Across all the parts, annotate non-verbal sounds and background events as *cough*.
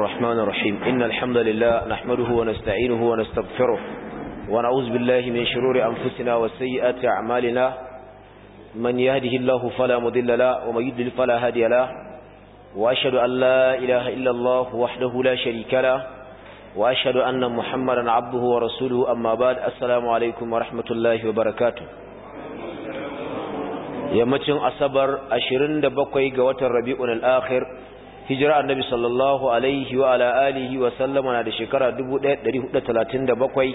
الرحمن الرحيم إن الحمد لله نحمده ونستعينه ونستغفره ونعوذ بالله من شرور أنفسنا وسيئات أعمالنا من يهده الله فلا مضل له ومن يضلل فلا هادي له وأشهد أن لا إله إلا الله وحده لا شريك له وأشهد أن محمدا عبده ورسوله أما بعد السلام عليكم ورحمة الله وبركاته yammacin asabar 27 ga watan rabi'un al-akhir hijira annabi sallallahu alaihi wa ala alihi wa sallama na da shekara 1437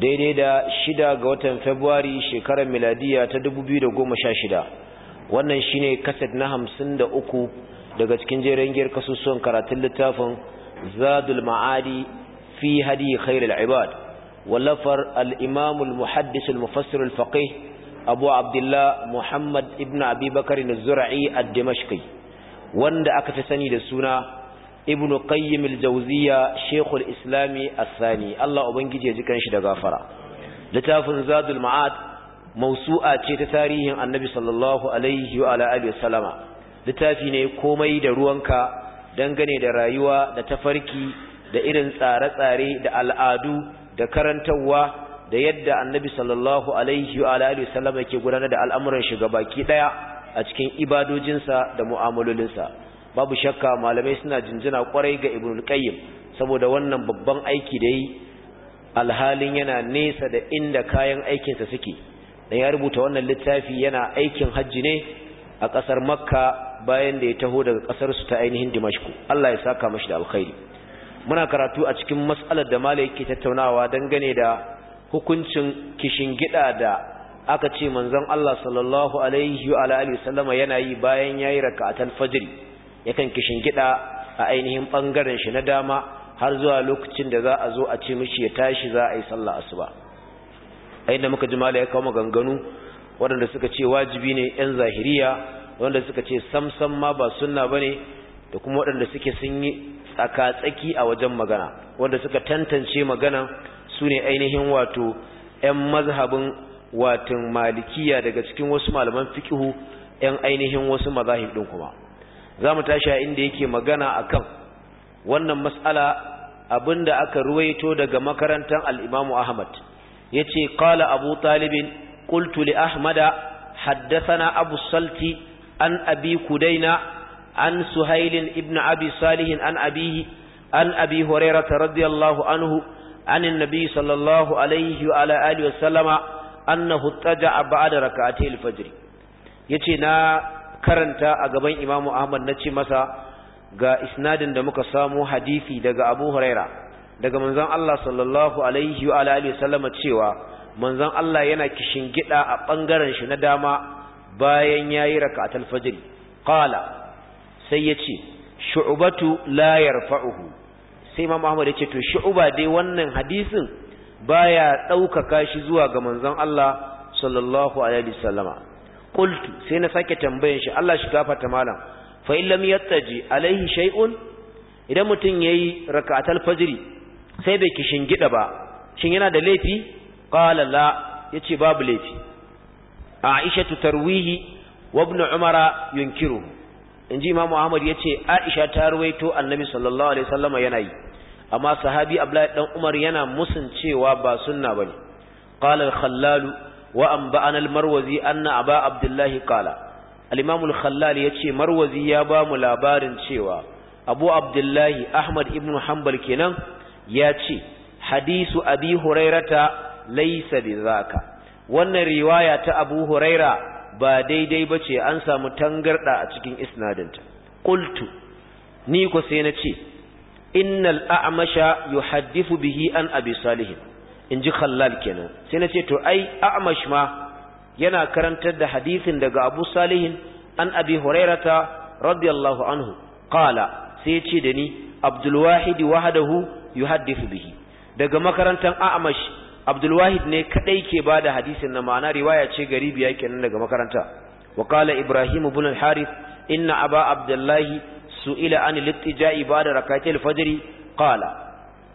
daidai da shida ga watan february shekarar miladiya ta 2016 wannan shine kaset na 53 daga cikin jerin giyar kasusuwan karatun littafin zadul ma'adi fi hadi khairul ibad wallafar al-imam al-muhaddis al-mufassir al-faqih abu abdullah muhammad ibn abi bakr az-zur'i ad-dimashqi wanda aka fi sani da suna ibn qayyim al-jawziya shaykhul islami as-sani Allah ubangiji ya ji kanshi da gafara littafin zadul ma'ad mawsu'a ce ta tarihin annabi sallallahu alaihi wa ala alihi littafi ne komai da ruwanka dangane da rayuwa da tafarki da irin tsare-tsare da al'adu da karantawa da yadda annabi sallallahu alaihi wa ala alihi wasallama yake gudanar da al'amuran shi gabaki daya a cikin ibadojinsa da mu'amalolinsa babu shakka malamai suna jinjina kwarai ga al qayyim saboda wannan babban aiki da yi alhalin yana nesa da inda kayan aikinsa suke da ya rubuta wannan littafi yana aikin hajji ne a ƙasar makka bayan da ya taho daga ƙasarsu ta ainihin dimashku allah ya saka mashi da alkhairi muna karatu a cikin matsalar da malai yake tattaunawa dangane da hukuncin kishin gida da aka ce manzon Allah sallallahu alaihi wa alihi sallama yana yi bayan yayi rak'atul fajr yakan kishin gida a ainihin bangaren shi na dama har zuwa lokacin da za a zo a ce mishi ya tashi za a yi sallah asuba a inda muka ji malaya ya kawo maganganu waɗanda suka ce wajibi ne yan zahiriya wanda suka ce samsam ma ba sunna ne da kuma waɗanda suke sun yi tsaka-tsaki a wajen magana wanda suka tantance magana su ne ainihin wato 'yan mazhabin watan malikiya daga cikin wasu malaman fikihu ɗan ainihin wasu mazahib ɗin kuma za mu tashi a inda yake magana a kan wannan mas'ala abinda aka ruwaito daga makarantar al Ahmad Ahmad ce ƙala Abu Talib ƙultuli Ahmada, Haddasana Abusalti, Abu Salti an Abi Kudaina an Suhail ibn Abi salihin an abihi an Abi Hurairah radiyallahu anhu annahu taja'a ba'da rak'atay al-fajr yace na karanta a gaban imamu ahmad nace masa ga isnadin da muka samu hadisi daga abu huraira daga manzon Allah sallallahu alaihi wa alihi wasallama cewa manzon Allah yana kishin gida a bangaren shi na dama bayan yayi rak'atul fajr qala sai yace shu'batu la yarfa'uhu sai imam ahmad yace to shu'ba dai wannan hadisin baya ɗaukaka shi zuwa ga manzon Allah sallallahu alaihi wasallama qultu sai na sake tambayan shi Allah shi gafarta malam fa illam yattaji alaihi shay'un idan mutun yayi rak'atul fajri sai bai kishin gida ba shin yana da laifi qala la yace babu laifi Aisha tarwihi wa ibn Umara yunkiru inji Imam Ahmad yace Aisha ta ruwaito Annabi sallallahu alaihi wasallama yana yi amma sahabi Abdullahi dan Umar yana musun cewa ba sunna bane qala al-khallal wa anba'ana al-marwazi anna aba abdullahi qala al-imam al-khallal yace marwazi ya ba mu labarin cewa abu abdullahi ahmad ibn hanbal kenan ya ce hadisu abi hurairata laysa bizaka wannan riwaya ta abu huraira ba daidai bace an samu tangarda a cikin isnadinta qultu ni ko sai na ce innal a'masha yuhaddithu bihi an abi salih in ji khallal kenan sai na ce to ai a'mash ma yana karantar da hadisin daga abu salih an abi hurairata radiyallahu anhu qala sai ce da ni abdul wahid wahdahu yuhaddithu bihi daga makarantar a'mash abdul wahid ne kadai ke bada hadisin na ma'ana riwaya ce garibi biyar kenan daga makaranta wa qala ibrahim ibn al harith inna aba abdullahi su'ila an littija'i ba da rakatil fajri qala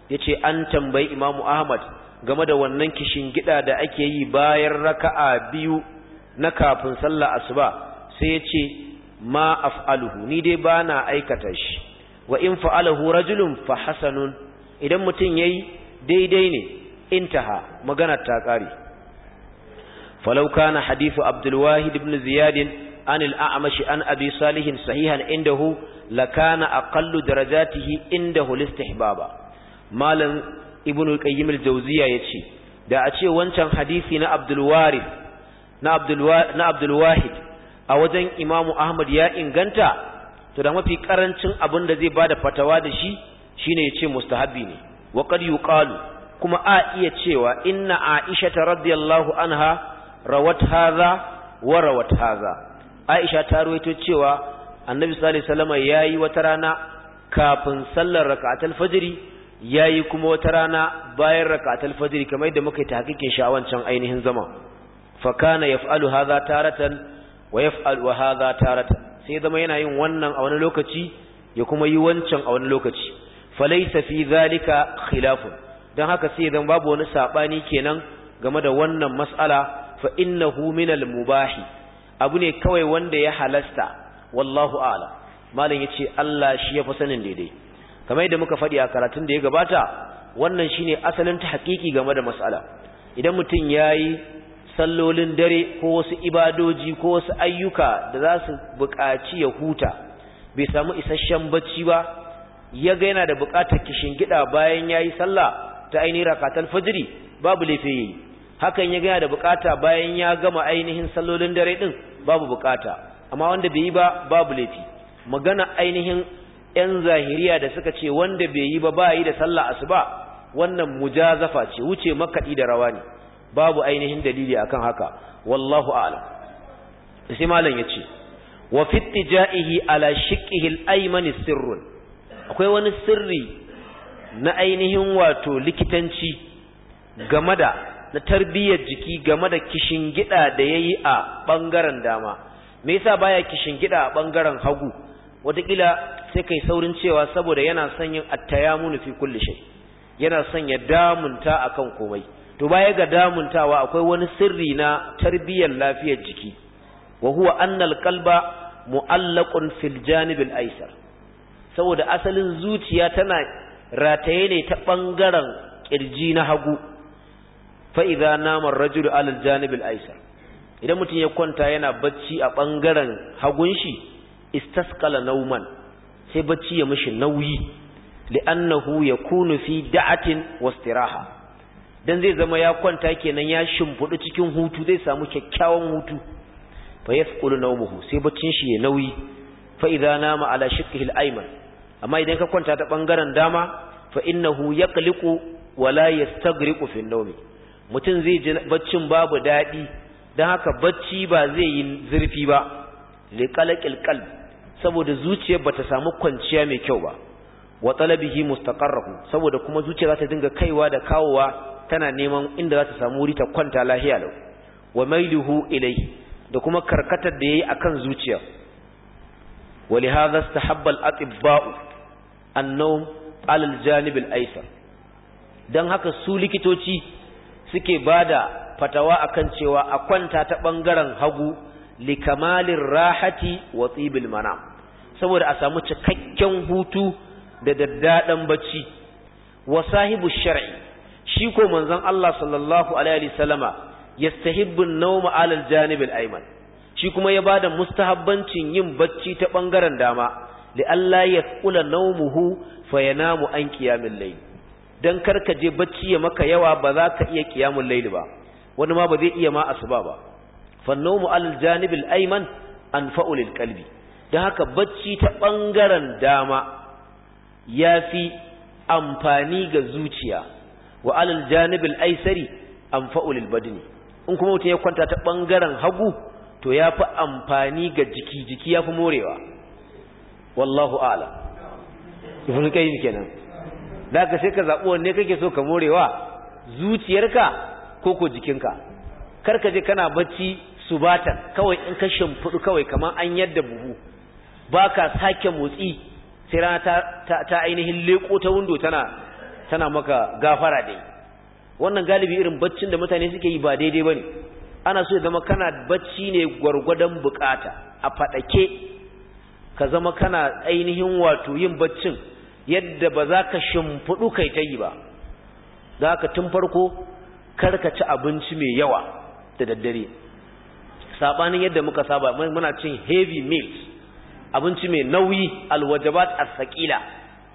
yace an tambayi imamu ahmad game da wannan kishin gida da ake yi bayan raka'a biyu na kafin sallah asuba sai yace ma af'aluhu ni dai bana aikata shi wa in fa'alahu rajulun fa hasanun idan mutun yayi daidai ne intaha magana ta kare falau kana hadithu abdul wahid ibn ziyadin عن الأعمش عن أبي صالح صحيحا عنده لكان أقل درجاته عنده الاستحباب مالا ابن القيم الجوزية يتشي da a ce wancan hadisi na Abdulwarif na Abdulwahid a wajen Imamu Ahmad ya inganta to da mafi karancin abin da zai ba da fatawa da shi shine ya ce mustahabbi ne wa qad yuqalu kuma a iya cewa inna Aisha radhiyallahu anha rawat haza, wa rawat haza. aisha ta ruwaito cewa annabi sallallahu alaihi wasallam yayi wata rana kafin sallar rak'atul fajri yayi kuma wata rana bayan rak'atul fajri kamar yadda muka yi hakikin shi a wancan ainihin zama fa kana yaf'alu hadha taratan wa yaf'alu hadha taratan sai zama yana yin wannan a wani lokaci ya kuma yi wancan a wani lokaci falaysa fi zalika khilafun dan haka sai zan babu wani sabani kenan game da wannan mas'ala fa innahu minal mubahi abu ne kawai wanda ya halasta wallahu a'lam malam yace Allah shi ya fi sanin daidai kamar yadda muka faɗi a karatun da ya gabata wannan shine asalin ta hakiki game da mas'ala idan mutum yayi sallolin dare ko wasu ibadoji ko wasu ayyuka da za su buƙaci ya huta bai samu isasshen bacci ba ya ga yana da buƙatar kishin gida bayan yayi sallah ta ainihin rakatul fajri babu laifi hakan ya ga yana da buƙata bayan ya gama ainihin sallolin dare din babu bukata amma wanda bai yi ba babu laifi magana ainihin yan zahiriya da suka ce wanda bai yi ba ba yi da sallah asuba wannan mujazafa ce wuce makaɗi da rawa ne babu ainihin dalili akan haka wallahu a'lam sai malam yace wa fi tijaihi ala shiqqihi al-ayman sirrun akwai wani sirri na ainihin wato likitanci game da na tarbiyyar jiki game da kishin gida da yi a bangaren dama me yasa baya kishin gida a ɓangaren hagu wataƙila sai kai saurin cewa saboda yana son yin attayamunu fi kulli shai yana son ya damunta kan komai to baya ga damuntawa akwai wani sirri na tarbiyyar lafiyar jiki wa huwa annal alqalba mu'allaqun fil janib al saboda asalin zuciya tana rataye ne ta ɓangaren ƙirji na hagu fa idza nama ar-rajul ala al-janib idan mutum ya kwanta yana bacci a bangaren hagunshi, shi istasqala nauman sai bacci ya mishi nauyi li'annahu yakunu fi da'atin wastiraha dan zai zama ya kwanta kenan ya shimfudu cikin hutu zai samu kyakkyawan hutu fa yasqulu nawmuhu sai baccin shi ya nauyi fa idza nama ala shikkihi al amma idan ka kwanta ta bangaren dama fa innahu yaqliqu wala yastagriqu fi an-nawmi mutum zai ji baccin babu daɗi don haka bacci ba zai yi zurfi ba liƙalaƙil qalb saboda zuciyar ta samu kwanciya mai kyau ba wa talabihi mustaqarrahu saboda kuma zuciya za ta dinga kaiwa da kawowa tana neman inda za ta samu wuri ta kwanta lahiya lau wa mailuhu ilai da kuma karkatar da yayi akan zuciya wa li hadha istahabba al-atibba'u an-nawm ala al-janib al-aysar dan haka su likitoci suke bada fatawa akan cewa a kwanta ta ɓangaren hagu likamalin rahati wa tsibil mana saboda a samu cikakken hutu da daddaɗan bacci wa sahibu shar'i shi ko manzon Allah sallallahu alaihi wasallama yastahibbu an-nawma 'ala al-janib al-ayman shi kuma ya bada mustahabbancin yin bacci ta ɓangaren dama li Allah ya kula naumuhu fa yanamu an qiyamil layl dan karka je bacci ya maka yawa ba za ka iya kiyamun laili ba wani ma ba zai iya ma asuba ba fannawmu al janib al ayman anfa'u lil qalbi haka bacci ta bangaren dama yafi amfani ga zuciya wa al janib al aysari anfa'u badni in kuma mutum ya kwanta ta bangaren hagu to yafi amfani ga jiki jiki yafi morewa wallahu a'lam ibn qayyim kenan da ka sai ka zaɓi wanne kake so ka morewa zuciyarka ko ko jikinka kar ka je kana bacci subatan kawai in ka shimfiɗu kawai kamar an yadda buhu ba ka sake motsi sai rana ta, ainihin leƙo ta wundo tana tana maka gafara dai wannan galibi irin baccin da mutane suke yi ba daidai ba ne ana so ya zama kana bacci ne gwargwadon bukata a faɗake ka zama kana ainihin wato yin baccin yadda ba za ka shimfiɗu kai ta yi ba za ka tun farko karkaci abinci mai yawa da daddare saɓanin yadda muka saba muna cin heavy meals abinci mai nauyi alwajabat asakila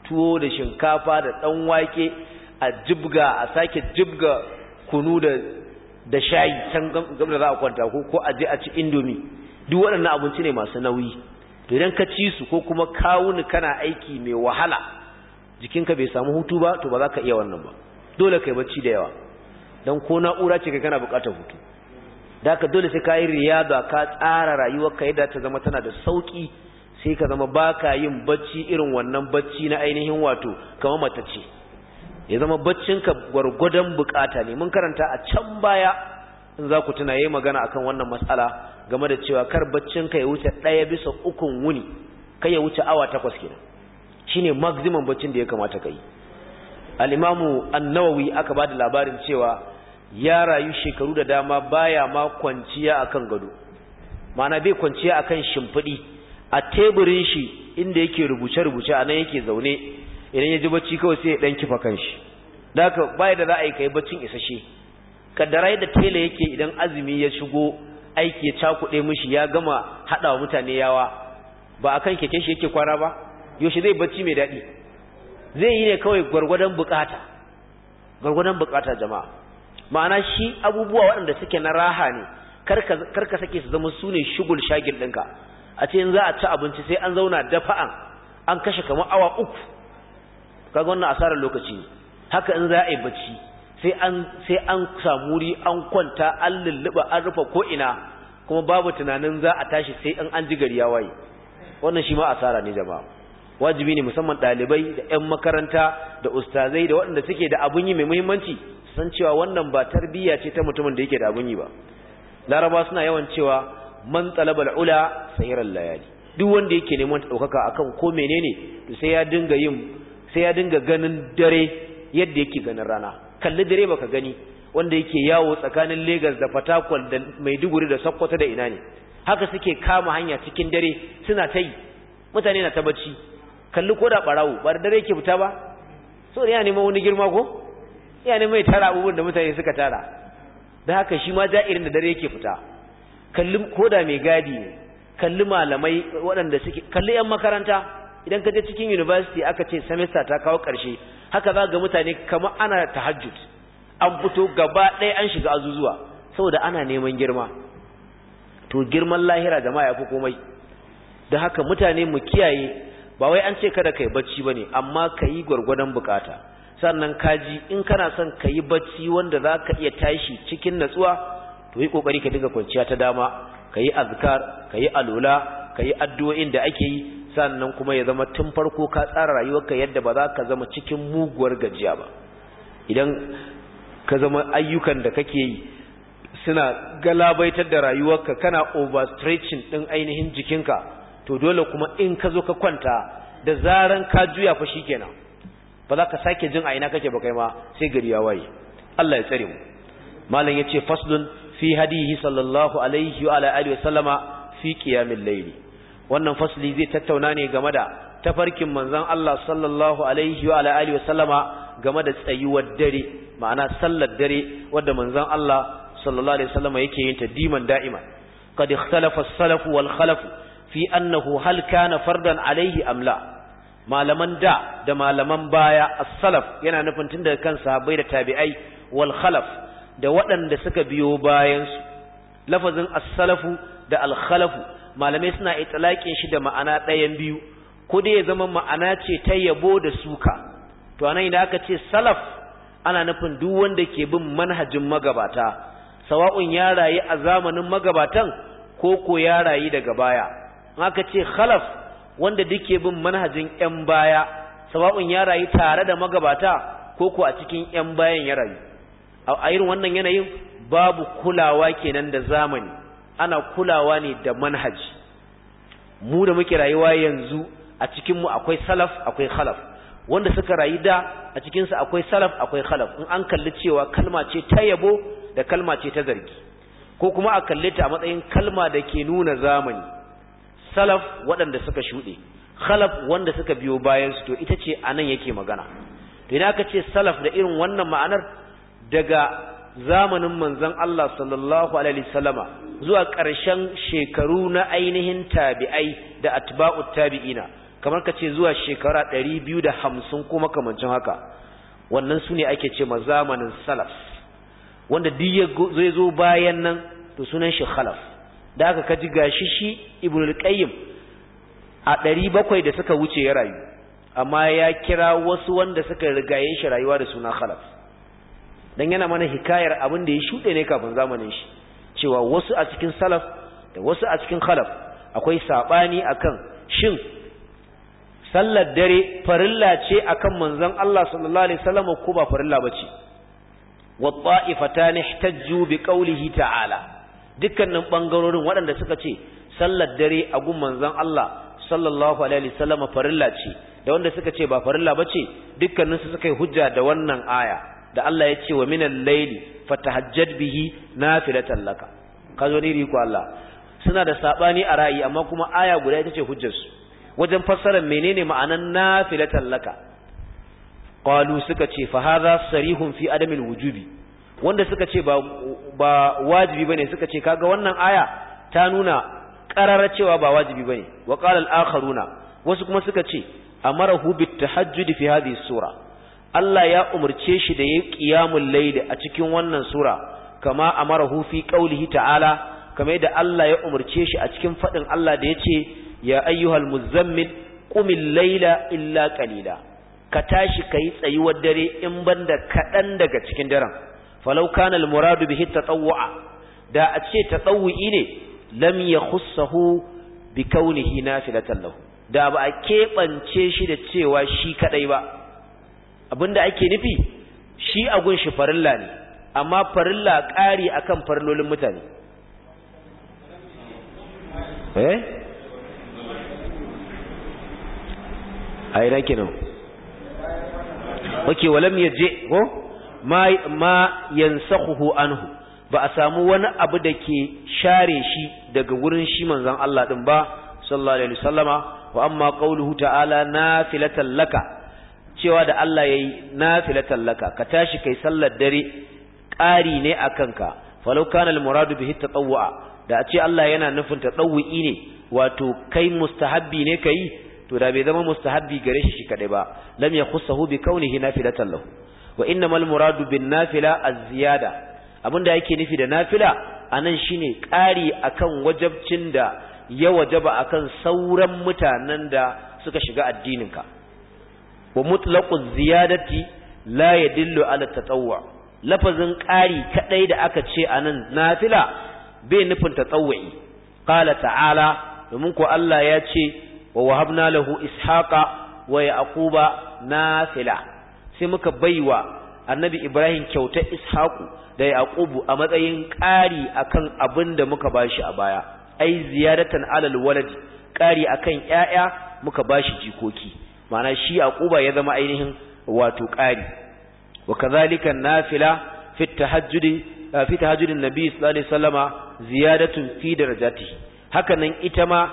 tuwo da shinkafa da ɗan wake a jibga a sake jibga kunu da da shayi can gab da za a kwanta ko ko aje a ci indomi duk waɗannan abinci ne masu nauyi to idan ka ci su ko kuma kawuni kana aiki mai wahala jikinka bai samu hutu ba to ba za ka iya wannan ba dole kai bacci da yawa Dan ko na'ura ce kai kana bukatar hutu da ka dole sai ka yi riyada ka tsara rayuwar ka yadda ta zama tana da sauki sai ka zama baka yin bacci irin wannan bacci na ainihin wato kamar ce. ya zama baccinka gwargwadon bukata ne mun karanta a can baya in za ku tuna yayi magana akan wannan matsala game da cewa kar baccinka ya wuce ɗaya bisa ukun wuni kai ya wuce awa takwas kenan shine maximum baccin da ya kamata kai al-imamu an-nawawi aka bada labarin cewa ya rayu shekaru da dama baya ma kwanciya akan gado ma'ana bai kwanciya a kan shimfiɗi. a teburin shi inda yake rubuce rubuce a nan yake zaune idan ya ji bacci kawai sai ya dan kifa kanshi da baya da za a yi kai baccin isasshe kaddarai da tela yake idan azumi ya shigo aiki ya cakuɗe mishi ya gama haɗa mutane yawa ba a kan keke shi yake kwana ba yaushe zai bacci mai daɗi zai yi ne kawai gwargwadon bukata gwargwadon bukata jama'a ma'ana shi abubuwa waɗanda suke na raha ne kar ka sake su zama sune ne shugul shagil ɗinka a ce za a ci abinci sai an zauna dafa'an an kashe kamar awa uku kaga wannan asarar lokaci ne haka in za a yi bacci sai an sai an samu wuri an kwanta an lulluɓa an rufe ko ina kuma babu tunanin za a tashi sai in an ji gari ya waye wannan shi ma asara ne jama'a wajibi ne musamman ɗalibai da 'yan makaranta da ustazai da waɗanda suke da abun yi mai muhimmanci san cewa wannan ba tarbiyya ce ta mutumin da yake da abun yi ba laraba suna yawan cewa man talabal ula sayiran layali duk wanda yake neman ɗaukaka akan ko menene to sai ya dinga yin sai ya dinga ganin dare yadda yake ganin rana kalli dare baka gani wanda yake yawo tsakanin Legas da Fatakwal da Maiduguri da Sokoto da ina ne haka suke kama hanya cikin dare suna ta yi mutane na ta bacci kalli ko da barawo ba da dare yake fita ba so yana neman wani girma ko yana neman ya tara abubuwan da mutane suka tara da haka shi ma irin da dare yake fita kalli ko da mai gadi ne kalli malamai waɗanda suke kalli yan makaranta idan ka je cikin university aka ce semester ta kawo ƙarshe haka za ga mutane kamar ana tahajjud an fito gaba ɗaya an shiga azuzuwa saboda ana neman girma to girman lahira jama'a ya fi komai da haka mutane mu kiyaye ba wai an ce kada kai bacci bane amma kayi gwargwadon bukata sannan kaji in kana son kayi bacci wanda zaka iya tashi cikin natsuwa to yi kokari ka dinga kwanciya ta dama kayi azkar kayi alula kayi addu'o'in da ake yi sannan kuma ya zama tun farko ka tsara rayuwarka yadda ba za ka zama cikin muguwar gajiya ba idan ka zama ayyukan da kake yi suna galabaitar da rayuwarka kana overstretching din ainihin jikinka to dole kuma in ka zo ka kwanta da zaran ka juya fa shikenan ba za ka sake jin a ina kake ba kai ma sai gari ya waye Allah ya tsare mu malam yace faslun fi hadihi sallallahu alaihi wa ala alihi wa fi qiyamil layli wannan fasli zai tattauna ne game da tafarkin manzon Allah sallallahu alaihi wa ala alihi wa game da tsayuwar dare ma'ana sallar dare wanda manzon Allah sallallahu alaihi wa yake yin ta diman da'ima qad ikhtalafa as-salafu wal fi annahu hal kana fardan alaihi amla malaman da da malaman baya as-salaf yana nufin tun daga kan sahabbai da tabi'ai wal khalaf da waɗanda suka biyo bayan su lafazin as-salafu da al-khalafu malamai suna itlaqin shi da ma'ana ɗayan biyu ko dai ya zama ma'ana ce ta yabo da suka to anan idan aka ce salaf ana nufin duk wanda ke bin manhajin magabata sawa'un ya rayu a zamanin magabatan ko ko ya rayu daga baya haka ce khalaf wanda duke bin manhajin ƴan baya sawa'un ya rayu tare da magabata ko ko a cikin ƴan bayan ya rayu a irin wannan yanayin babu kulawa kenan da zamani ana kulawa ne da manhaji mu da muke rayuwa yanzu a cikin akwai salaf akwai khalaf wanda suka rayu da a cikinsu akwai salaf akwai khalaf in an kalli cewa kalma ce ta yabo da kalma ce ta zargi ko kuma a kalli ta a matsayin kalma da ke nuna zamani salaf waɗanda suka shuɗe khalaf wanda suka biyo bayansu to ita ce anan yake magana to idan aka ce salaf da irin wannan ma'anar daga zamanin manzon Allah sallallahu alaihi wasallama zuwa ƙarshen shekaru na ainihin tabi'ai da atba'u tabi'ina kamar ka ce zuwa shekara 250 ko makamancin haka wannan su ne ake ce ma zamanin salaf wanda duk zai zo bayan nan to sunan shi khalaf da aka kaji gashi shi ibnul qayyim a ɗari da suka wuce ya rayu amma ya kira wasu wanda suka rigaye shi rayuwa da suna khalaf dan yana mana hikayar abin da ya shuɗe ne kafin zamanin shi cewa wasu a cikin salaf da wasu a cikin khalaf akwai sabani akan shin sallar dare farilla ce akan manzon Allah sallallahu alaihi wasallam ko ba farilla bace wa ta'ifatan ihtajju bi qawlihi ta'ala dukkanin bangarorin waɗanda suka ce sallar dare a gun manzon Allah sallallahu alaihi sallam farilla ce da wanda suka ce ba farilla bace dukkanin su suka yi hujja da wannan aya da Allah ya ce wa minal layli fatahajjad bihi nafilatan laka kazo ne riko Allah suna da saɓani a ra'ayi amma kuma aya guda ita ce hujjar su wajen fassarar menene ma'anan nafilatan laka qalu suka ce fa hadha sarihun fi adamil wujubi wanda suka ce ba wajibi bane suka ce kaga wannan aya ta nuna qarara cewa ba wajibi bane wa qala al-akharuna wasu kuma suka ce amarahu bit tahajjud fi hadhihi sura Allah ya umurce shi da yayi qiyamul layl a cikin wannan sura kama amarahu fi qawlihi ta'ala kama yadda Allah ya umurce shi a cikin fadin Allah da yace ya ayyuhal muzammil qumil layla illa qalila ka tashi kai tsayuwar dare in banda kadan daga cikin daren falau kana al-muradu bihi tatawwa da a ce tatawwi ne lam yakhussahu bi kaunihi nafilatan lahu da ba a keɓance shi da cewa shi kadai ba abinda ake nufi shi a gunshi farilla ne amma farilla ƙari akan farlolin mutane eh a ina kenan wake walam yaje ko ma ma yansakhuhu anhu ba a samu wani abu da ke share shi daga wurin shi manzon Allah din ba sallallahu alaihi wasallama wa amma qawluhu ta'ala nafilatan laka cewa da Allah yayi nafilatan laka ka tashi kai sallar dare ƙari ne akan ka falau kana al-muradu bihi tatawwa da a ce Allah yana nufin tatawwi ne wato kai mustahabbi ne kai to da bai zama mustahabbi gare shi shi kadai ba lam yakhussahu bi kaunihi nafilatan lahu wa innamal muradu bin nafila az-ziyada abinda yake nufi da nafila anan shine ƙari akan wajabcin da ya wajaba akan sauran mutanen da suka shiga addininka wa mutlaqu ziyadati la yadullu ala tatawwu lafazin ƙari kadai da aka ce anan nafila bai nufin tatawwi qala ta'ala domin ko Allah ya ce wa wahabna lahu ishaqa wa yaquba nafila sai muka baiwa annabi Ibrahim kyauta Ishaku da Yaqubu a matsayin ƙari akan abin da muka bashi a baya ai ziyaratan alal waladi ƙari akan 'ya'ya muka bashi jikoki mana shi Yaquba ya zama ainihin wato ƙari wa kadhalika nafila fi tahajjudi eh, fi tahajjudin nabi sallallahu alaihi wasallama ziyadatun fi hakanan ita ma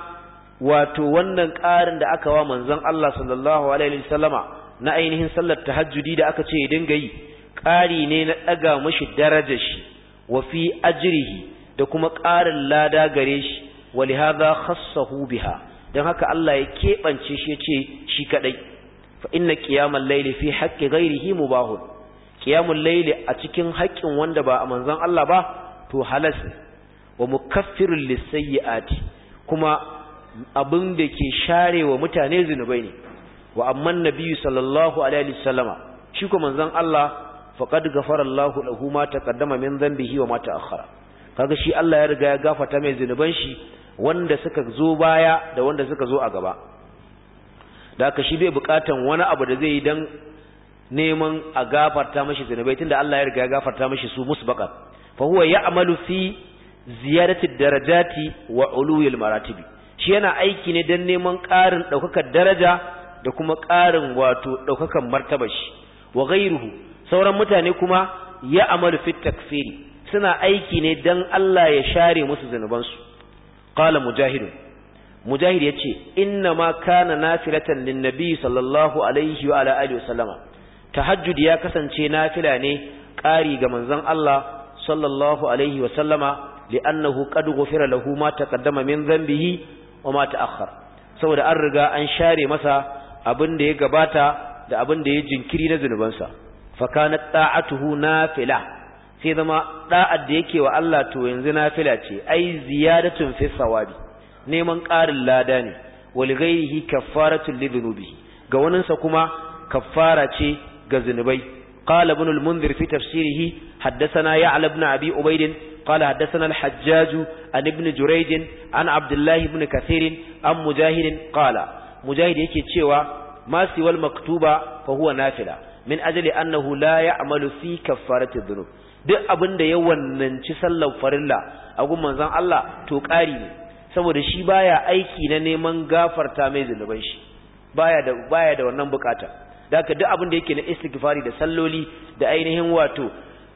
wato wannan ƙarin da aka wa manzon Allah sallallahu alaihi wasallama na ainihin sallar tahajjudi da aka ce ya dinga yi ƙari ne na ɗaga mashi darajar shi wa fi ajrihi da kuma ƙarin lada gare shi wa lihadha khassahu biha dan haka Allah ya keɓance shi yace shi kadai fa inna qiyamal layli fi haqqi ghairihi mubahun qiyamul layli a cikin haƙƙin wanda ba a manzon Allah ba to halas wa mukaffirul lisayyiati kuma abin da ke share wa mutane zunubai ne wa amman nabiyyu sallallahu alaihi wasallama shi ko manzon Allah faqad ghafara Allahu lahu ma taqaddama min dhanbihi wa ma ta'akhkhara kaga shi Allah ya riga ya gafarta mai zinuban shi wanda suka zo baya da wanda suka zo a gaba da haka shi bai bukatan wani abu da zai yi dan neman a gafarta mashi zinubai tunda Allah ya riga ya gafarta mashi su musbaqa fa huwa ya'malu fi ziyadati darajati wa uluyil maratibi shi yana aiki ne dan neman karin ɗaukakar daraja da kuma ƙarin wato ɗaukakan martaba shi wa gairuhu sauran mutane kuma ya amalu fit takfiri suna aiki ne dan Allah ya share musu zanubansu qala mujahid mujahid yace inna ma kana nafilatan lin nabi sallallahu alaihi wa ala alihi wasallama tahajjud ya kasance nafila ne ƙari ga manzon Allah sallallahu alaihi wasallama li'annahu qad ghufira lahu ma taqaddama min dhanbihi wa ma ta'akhkhar saboda an riga an share masa abin da ya gabata da abin da ya jinkiri na zunubansa fa kanat ta'atuhu nafila sai zama ɗa'a da yake wa Allah to yanzu nafila ce ai ziyadatun fi sawabi neman ƙarin lada ne wal ghairihi kaffaratun li dhunubihi ga waninsa kuma kaffara ce ga zunubai قال ابن المنذر في تفسيره حدثنا يعلى بن أبي أبيد Qala حدثنا الحجاج عن an Ibn عن an الله بن كثير an مجاهد qala. mujahid yake cewa ma siwal maktuba fa huwa nafila min ajli annahu la ya'malu fi kaffarati dhunub duk abin da ya wannanci sallar farilla a gun manzon Allah to ƙari ne saboda shi baya aiki na neman gafarta mai zunuban shi baya da baya da wannan bukata daka duk abin da yake na istighfari da salloli da ainihin wato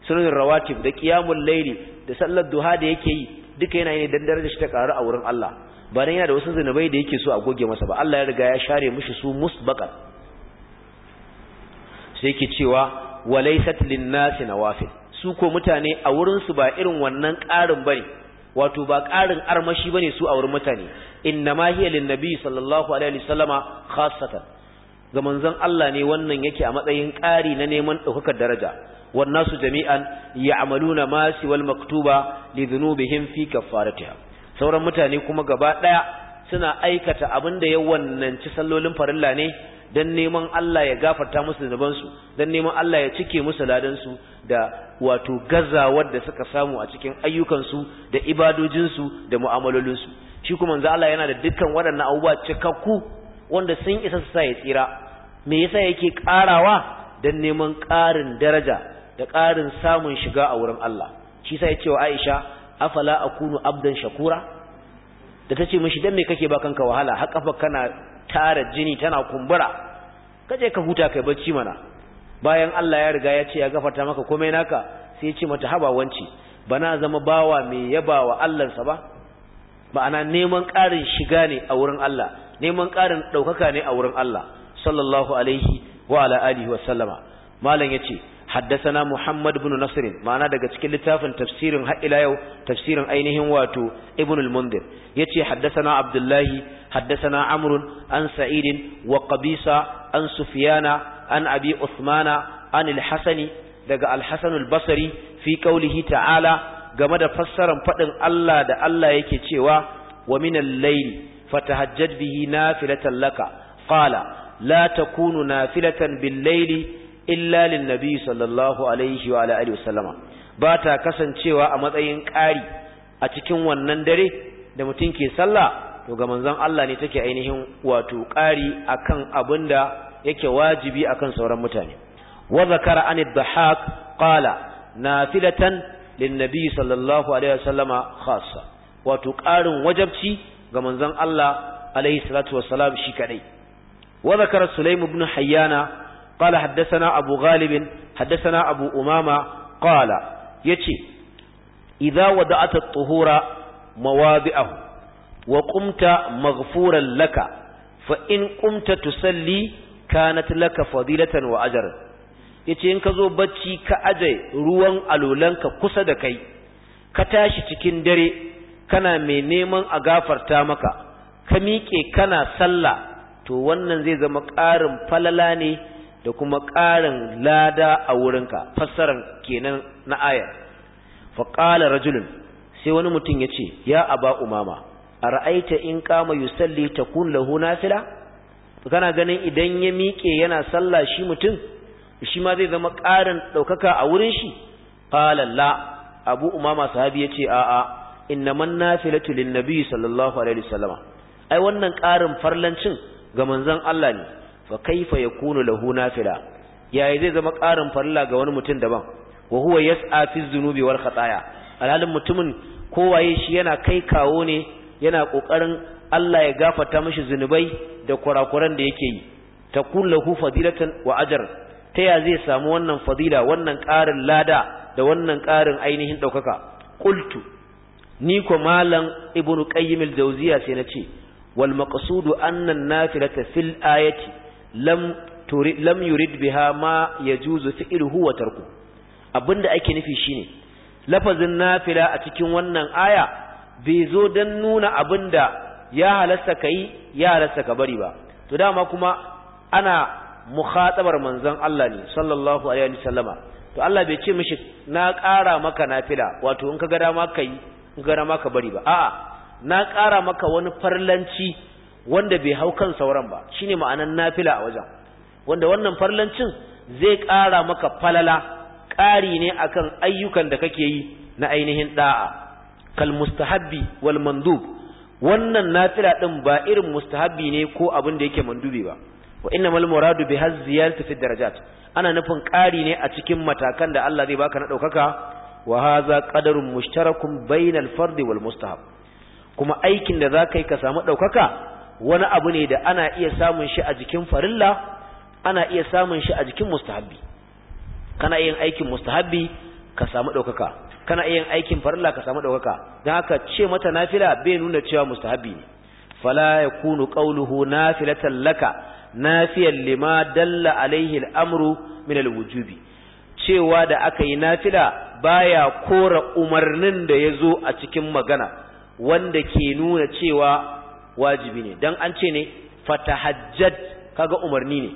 sunan rawatib da qiyamul layli da sallar duha da yake yi duka yana ne dandare da shi ta karu a wurin Allah ba dan yana da wasu zinubai da yake so a goge masa ba Allah ya riga ya share mushi su musbaqan sai yake cewa walaysat linnasi nawafil su ko mutane a wurin su ba irin wannan karin bane wato ba karin armashi bane su a wurin mutane innama hiya lin-nabi sallallahu alaihi wasallama khassatan ga manzon Allah ne wannan yake a matsayin ƙari na neman ɗaukakar daraja والناس جميعا يعملون ما سوى المكتوبة لذنوبهم في كفارتها sauran mutane kuma gaba ɗaya suna aikata abin da ya wannanci sallolin farilla ne don neman Allah ya gafarta musu zunubansu don neman Allah ya cike musu ladansu da wato gazawar da suka samu a cikin ayyukansu da ibadojinsu da mu'amalolinsu shi kuma manzo Allah yana da dukkan waɗannan abubuwa cikakku wanda sun isa su sa ya tsira me yasa yake ƙarawa don neman ƙarin daraja da ƙarin samun shiga a wurin Allah shi sa ya ce wa Aisha afala akunu abdan shakura da ta tace mishi dan me kake ba kanka wahala har kafa kana tara jini tana kumbura kaje ka huta kai bacci mana bayan Allah ya riga ya ce ya gafarta maka komai naka sai ya ce mata haba wanci bana zama bawa me yabawa Allah sa ba ma'ana neman ƙarin shiga ne a wurin Allah neman ƙarin ɗaukaka ne a wurin Allah sallallahu alaihi wa ala alihi wa sallama malam yace حدثنا محمد بن نصر معنا daga cikin littafin tafsirin har yau tafsirin ainihin wato ibn al-mundir yace haddathana abdullahi haddathana amr an sa'id wa qabisa an sufyana an abi usmana an al-hasani daga al-hasan al-basri fi qawlihi ta'ala game da fassaran fadin Allah da Allah yake cewa wa min al-layli fatahajjad bihi nafilatan laka qala la takunu nafilatan bil-layli illa lin nabi sallallahu alaihi wa alihi wasallama ba ta kasancewa a matsayin ƙari a cikin wannan dare da mutum ke sallah to ga manzon Allah ne take ainihin wato ƙari akan abinda yake wajibi akan sauran mutane wa zakara an ad-dhahak qala nafilatan lin nabi sallallahu alaihi wasallama khassa wato ƙarin wajabci ga manzon Allah alaihi salatu wassalam shi kadai wa zakara sulaim ibn hayyana قال حدثنا أبو غالب حدثنا أبو أمامة قال يتي إذا magfuran الطهور موابئه وقمت مغفورا لك فإن قمت تسلي كانت لك فضيلة وأجر yace in ka zo bacci ka aje ruwan alolanka kusa da kai ka tashi cikin dare kana mai neman a gafarta maka ka miƙe kana sallah to wannan zai zama ƙarin falala ne da kuma ƙarin lada a wurinka fassarar kenan na ayar fa qala rajulun sai wani mutum ya ce ya aba umama a ra'aita in kama yusalli takun lahu nafila kana ganin idan ya miƙe yana sallah shi mutum shi ma zai zama ƙarin ɗaukaka a wurin shi qala la abu umama sahabi ya ce a'a man nafilatu Nabi sallallahu alaihi wasallama ai wannan ƙarin farlancin ga manzon Allah ne fa kaifa yakunu lahu nafila yayi zai zama ƙarin farilla ga wani mutum daban wa huwa yas'a fi dhunubi wal khataaya alhalin mutumin kowaye shi yana kai kawo ne yana kokarin Allah ya gafarta mishi zunubai da kurakuran da yake yi takun lahu fadilatan wa ajr ta ya zai samu wannan fadila wannan ƙarin lada da wannan ƙarin ainihin ɗaukaka qultu ni ko malam ibnu qayyim al-jawziya sai na ce wal maqsudu anna an-nafilata fil ayati lam yurid biha ma yajuzu fi'luhu wa tarku abinda ake nufi shine lafazin nafila a cikin wannan aya bai zo dan nuna abinda ya halasta kai ya halasta ka bari ba to dama kuma ana mukhatabar manzon Allah ne sallallahu alaihi wa sallama. to Allah bai ce mishi na ƙara maka nafila wato in ka ga dama kai in ka ga dama ka bari ba a'a na ƙara maka wani farlanci wanda bai hau kan sauran ba shine ma'anan nafila a wajen wanda wannan farlancin zai ƙara maka falala ƙari ne akan ayyukan da kake yi na ainihin ɗa'a kal mustahabbi wal mandub wannan nafila ɗin ba irin mustahabbi ne ko abin da yake mandubi ba wa innamal muradu bi hazziyati fi darajat ana nufin ƙari ne a cikin matakan da Allah zai baka na daukaka wa hadha qadarun mushtarakun bainal fardi wal mustahab kuma aikin da zaka yi ka samu ɗaukaka. wani abu ne da ana iya samun shi a jikin farilla ana iya samun shi a jikin mustahabbi kana yin aikin mustahabbi ka samu ɗaukaka kana yin aikin farilla ka samu ɗaukaka don haka ce mata nafila bai nuna cewa mustahabbi ne fala ya kunu ƙauluhu nafilatan laka nafiyan lima dalla alaihi al'amru min alwujubi cewa da aka yi nafila baya kora umarnin da ya zo a cikin magana wanda ke nuna cewa wajibi ne dan an ce ne fatahajjad kaga umarni ne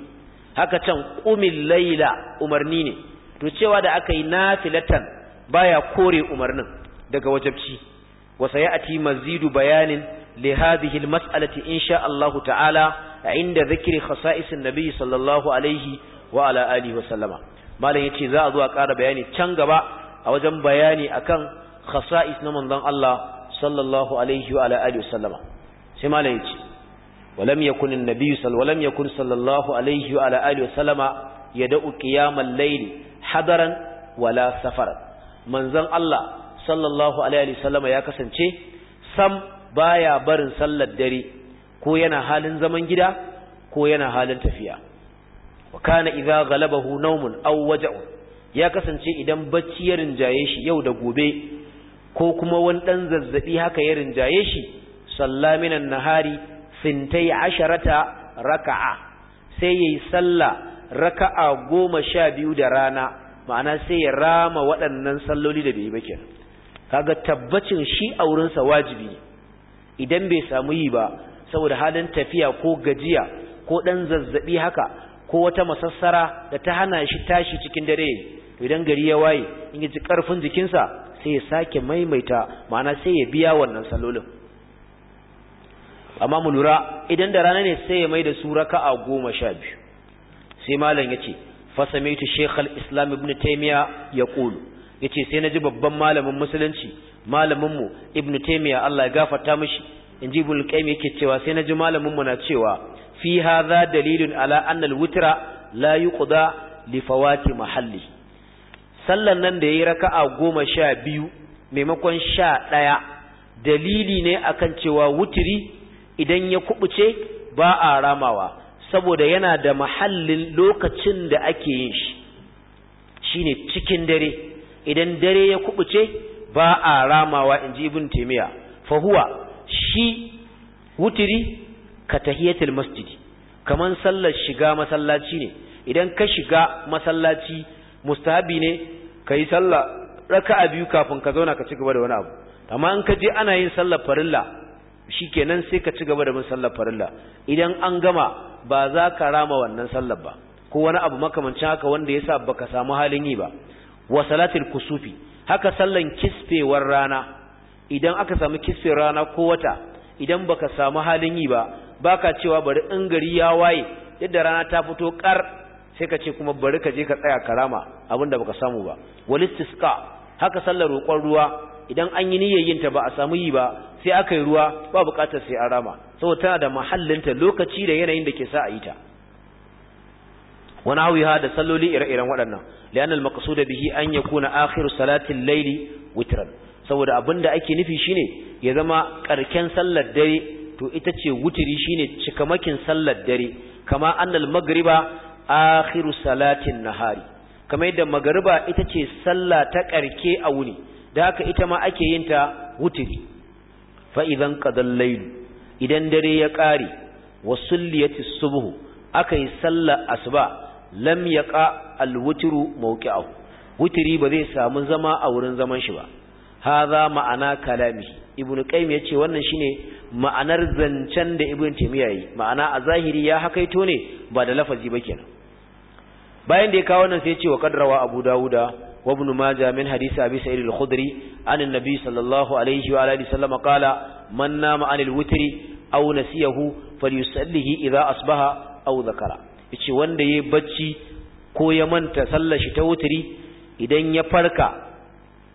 haka can qumil layla umarni ne to cewa da aka yi nafilatan baya kore umarnin daga wajibci wa sayati mazidu bayanin li hadhihi al mas'alati insha Allah ta'ala inda dhikri khasa'is an sallallahu alaihi wa ala alihi wa sallama malam yace za a zo a ƙara bayani can gaba a wajen bayani akan khasa'is na manzon Allah sallallahu alaihi wa ala alihi wa sallama sai malam yace walam yakun annabi sallallahu yakun sallallahu alaihi wa ala alihi wasallama yad'u qiyamal layli hadaran wala safaran manzon Allah sallallahu alaihi wasallama ya kasance sam baya barin sallar dare ko yana halin zaman gida ko yana halin tafiya wa kana idza ghalabahu nawmun aw waja'u ya kasance idan bacci ya rinjaye shi yau da gobe ko kuma wani dan zazzabi haka ya rinjaye shi salla minan nahari sintai asharata raka'a sai yayi salla raka'a goma sha biyu da rana ma'ana sai ya rama waɗannan salloli da bai yi ba kaga tabbacin shi a wurinsa wajibi idan bai samu yi ba saboda halin tafiya ko gajiya ko ɗan zazzaɓi haka ko wata masassara da ta hana shi tashi cikin dare idan gari ya waye in ji ƙarfin jikinsa sai ya sake maimaita ma'ana sai ya biya wannan sallolin. amma mu lura idan da rana ne sai ya mai da su a goma sha biyu sai malam ya ce fasamaitu shekhal islam ibn taimiya ya ƙulu ya ce sai na ji babban malamin musulunci malaminmu ibn taimiya allah ya gafata mishi in ji ibn qayyim yake cewa sai na ji malaminmu na cewa fi hadha dalilun ala anna al-witra la yuqda li fawati mahalli sallan nan da ya yayi raka'a goma sha biyu maimakon sha ɗaya dalili ne akan cewa wutiri idan ya kubuce ba a ramawa saboda yana da mahallin lokacin da ake yin shi shine cikin dare idan dare ya kubuce ba a ramawa inji ibn taymiya fa huwa shi wutiri ka tahiyatul masjidi kaman sallar shiga masallaci ne idan ka shiga masallaci mustahabi ne kai sallah raka'a biyu kafin ka zauna ka ci gaba da wani abu amma in ka je ana yin sallar farilla shikenan sai ka ci gaba da musallar farilla idan an gama ba za ka rama wannan sallar ba ko wani abu makamancin haka wanda ya yasa baka samu halin yi ba wa salatul kusufi haka sallan kisfewar rana idan aka samu kisfewar rana ko wata idan baka samu halin yi ba baka cewa bari in gari ya waye yadda rana ta fito kar sai ka ce kuma bari ka je ka tsaya karama abinda baka samu ba walistiska haka sallar roƙon ruwa idan an yi niyyar ta ba a samu yi ba sai aka yi ruwa ba buƙatar sai a rama saboda tana da mahallinta lokaci da yanayin da ke sa a yi ta wani hawi ha da salloli ire-iren waɗannan li'anal al da bihi an yakuna akhir salatin layli witran saboda abin da ake nufi shine ya zama karken sallar dare to ita ce wutiri shine cikamakin sallar dare kama annal magriba akhiru salatin nahari kama yadda magriba ita ce sallah ta karke a wuni da haka ita ma ake yin ta wutiri fa idan qadal layl idan dare ya kare wasulliyati sulliyati subh akai sallar asuba lam yaqa al wutru mawqi'ahu wutiri ba zai samu zama a wurin zaman shi ba hadha ma'ana kalami ibnu qayyim yace wannan shine ma'anar zancen da ibnu taymiya yi ma'ana a zahiri ya hakaito ne ba da lafazi ba kenan bayan da ya kawo nan sai ya ce wa qadrawa abu dawuda وابن ماجه من حديث أبي سعيد الخدري عن النبي صلى الله عليه وعلى آله وسلم قال من نام عن الوتر أو نسيه فليسأله إذا أصبح أو ذكر yace wanda yayi bacci ko ya manta sallar shi ta wutiri idan ya farka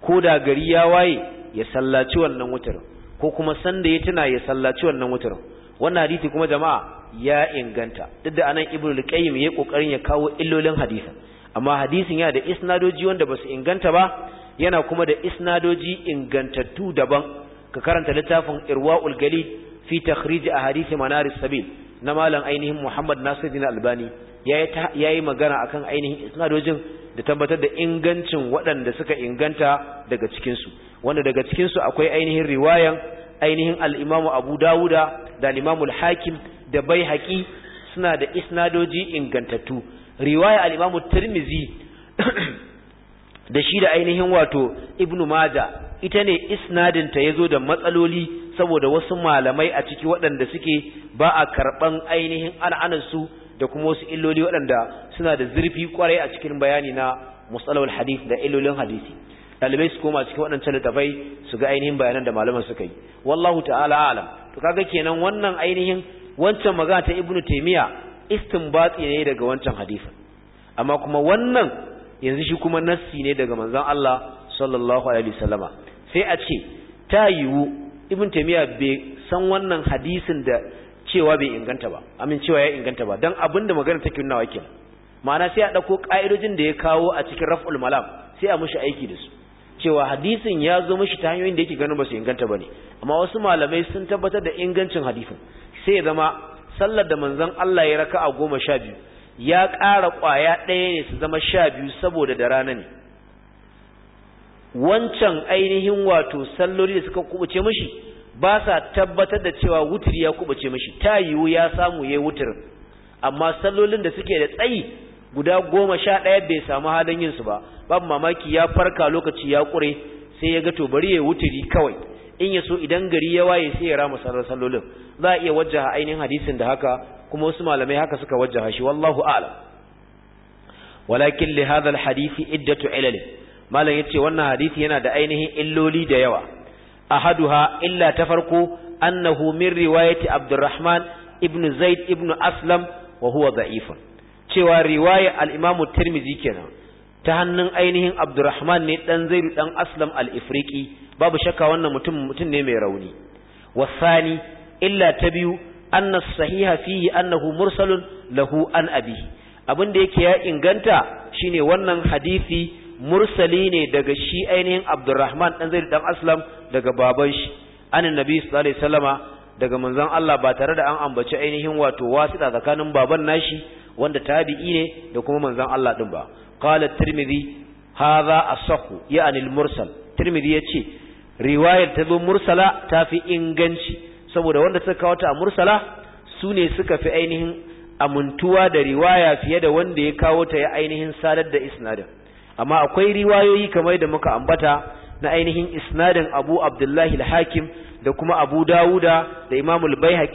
ko da gari ya waye ya sallaci wannan wutirin ko kuma sanda ya tuna ya sallaci wannan wutirin wannan hadisi kuma jama'a ya inganta duk da anan ibnu qayyim yayi kokarin ya kawo illolin hadisin amma hadisin yana da isnadoji wanda ba su inganta ba yana kuma da isnadoji ingantattu daban ka karanta littafin irwa'ul galid fi takhrij ahadith manar sabil na malam ainihin Muhammad Nasiruddin Albani yayi magana akan ainihin isnadojin da tabbatar da ingancin waɗanda suka inganta daga cikin su wanda daga cikin su akwai ainihin riwayan ainihin al imamu Abu Dawuda da al imamu al-Hakim da Baihaqi suna da isnadoji ingantattu riwaya al-imamu tirmizi *clears throat* da shi da ainihin wato ibnu maja ita ne isnadin ta zo da matsaloli saboda wasu malamai a ciki waɗanda suke ba a karban ainihin al'anansu da kuma wasu illoli waɗanda suna da zurfi kwarai a cikin bayani na musalawul hadith da illolin hadisi dalibai su koma cikin waɗancan littafai su ga ainihin bayanan da malaman suka yi wallahu ta'ala alam to kaga kenan wannan ainihin wancan magana ta ibnu taymiya istinbati ne daga wancan hadisin amma kuma wannan yanzu shi kuma nassi ne daga manzon Allah sallallahu alaihi wasallama sai a ce ta yiwu ibn taymiya bai san wannan hadisin da cewa bai inganta ba amin cewa ya inganta ba dan abinda magana take nuna wake ma'ana sai a dauko ka'idojin da ya kawo a cikin raf'ul malam sai a mushi aiki da su cewa hadisin ya zo mushi ta hanyoyin da yake ganin ba su inganta ba ne amma wasu malamai sun tabbatar da ingancin hadisin sai ya zama sallar da manzon Allah ya raka'a goma sha biyu ya ƙara ƙwaya ɗaya ne su zama sha biyu saboda da rana ne wancan ainihin wato salloli da suka kubuce mashi ba sa tabbatar da cewa wuturi ya kubuce mashi. ta yiwu ya samu ya wutar amma sallolin da suke da tsayi guda goma sha ɗaya bai samu halin yinsu ba babu mamaki ya farka lokaci ya ƙure sai ya ga to bari ya wuturi kawai in ya so idan gari ya waye sai ya rama sarar sallolin za a iya wajaha ainihin hadisin da haka kuma wasu malamai haka suka wajaha shi wallahu a'lam walakin li hadha al hadisi iddatu ilal malam yace wannan hadisi yana da ainihin illoli da yawa ahaduha illa ta farko annahu min riwayati abdurrahman ibn zaid ibn aslam wa huwa da'ifun cewa riwaya al-imam tirmidhi kenan ta hannun ainihin Abdurrahman ne dan Zaidu dan Aslam al-Ifriqi babu shakka wannan mutum mutum ne mai rauni wasani illa ta biyu anna sahiha fihi annahu mursalun lahu an abi abin da yake ya inganta shine wannan hadisi mursali ne daga shi ainihin Abdurrahman dan Zaid dan Aslam daga baban shi anan nabi sallallahu alaihi wasallama daga manzon Allah ba tare da an ambaci ainihin wato wasita tsakanin baban nashi wanda tabi'i ne da kuma manzon Allah din ba qala tirmidhi a asahhu ya al-mursal tirmidhi yace riwayar ta zo mursala ta fi inganci saboda wanda suka kawata ta mursala ne suka fi ainihin amintuwa da riwaya fiye da wanda ya kawo ta ya ainihin sadar da isnadin amma akwai riwayoyi kamar da muka ambata na ainihin isnadin Abu Abdullahi al-Hakim da kuma Abu Dawuda da Imamul al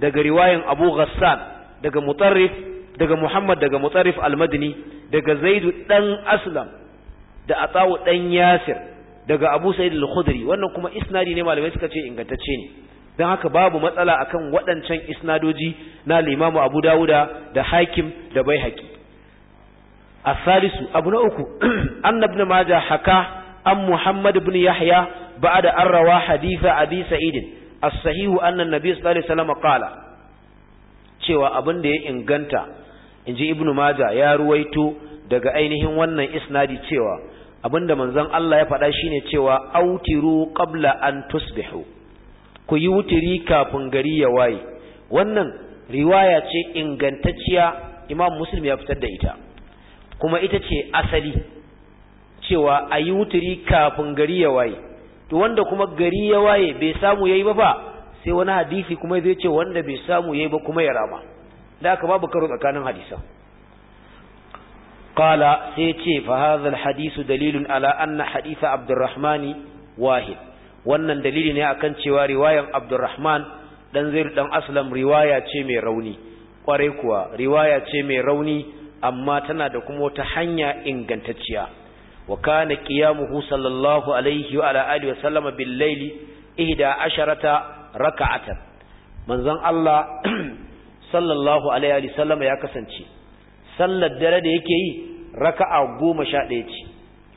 daga riwayan Abu Ghassan daga Mutarrif daga Muhammad daga Mutsarif al daga Zaidu dan Aslam da Atawu dan Yasir daga Abu Sa'id al-Khudri wannan kuma isnadi ne malamai suka ce ingantacce ne dan haka babu matsala akan waɗancan isnadoji na Limamu Abu Dawuda da Hakim da Baihaqi الثالث أبو نأكو أن ابن ماجه Haka an محمد بن Yahya بعد أن haditha Abi Sa'id as-sahihu anna an صلى sallallahu alaihi wasallam qala cewa abin da ya inganta in ji ibnu maja ya ruwaito daga ainihin wannan isnadi cewa abinda manzon Allah ya faɗa shine cewa autiru qabla an tusbihu ku yi wutiri kafin gari ya waye wannan riwaya ce ingantacciya imam muslim ya fitar da ita kuma ita ce asali cewa a yi wutiri kafin gari ya waye to wanda kuma gari ya waye bai samu yayi ba fa sai wani hadisi kuma zai ce wanda bai samu yayi ba kuma ya rama da aka babu karo tsakanin hadisan qala sai ce fa hadhal hadisu dalilun ala anna hadisa abdurrahmani wahid wannan dalili ne akan cewa riwayan abdurrahman dan zair dan aslam riwaya ce mai rauni kware kuwa riwaya ce mai rauni amma tana da kuma wata hanya ingantacciya wa kana qiyamuhu sallallahu alaihi wa ala alihi wa sallama bil layli ihda asharata raka'atan manzon Allah *clears throat* sallallahu alaihi wa sallam ya kasance sallar dare da yake yi raka'a goma sha ɗaya ce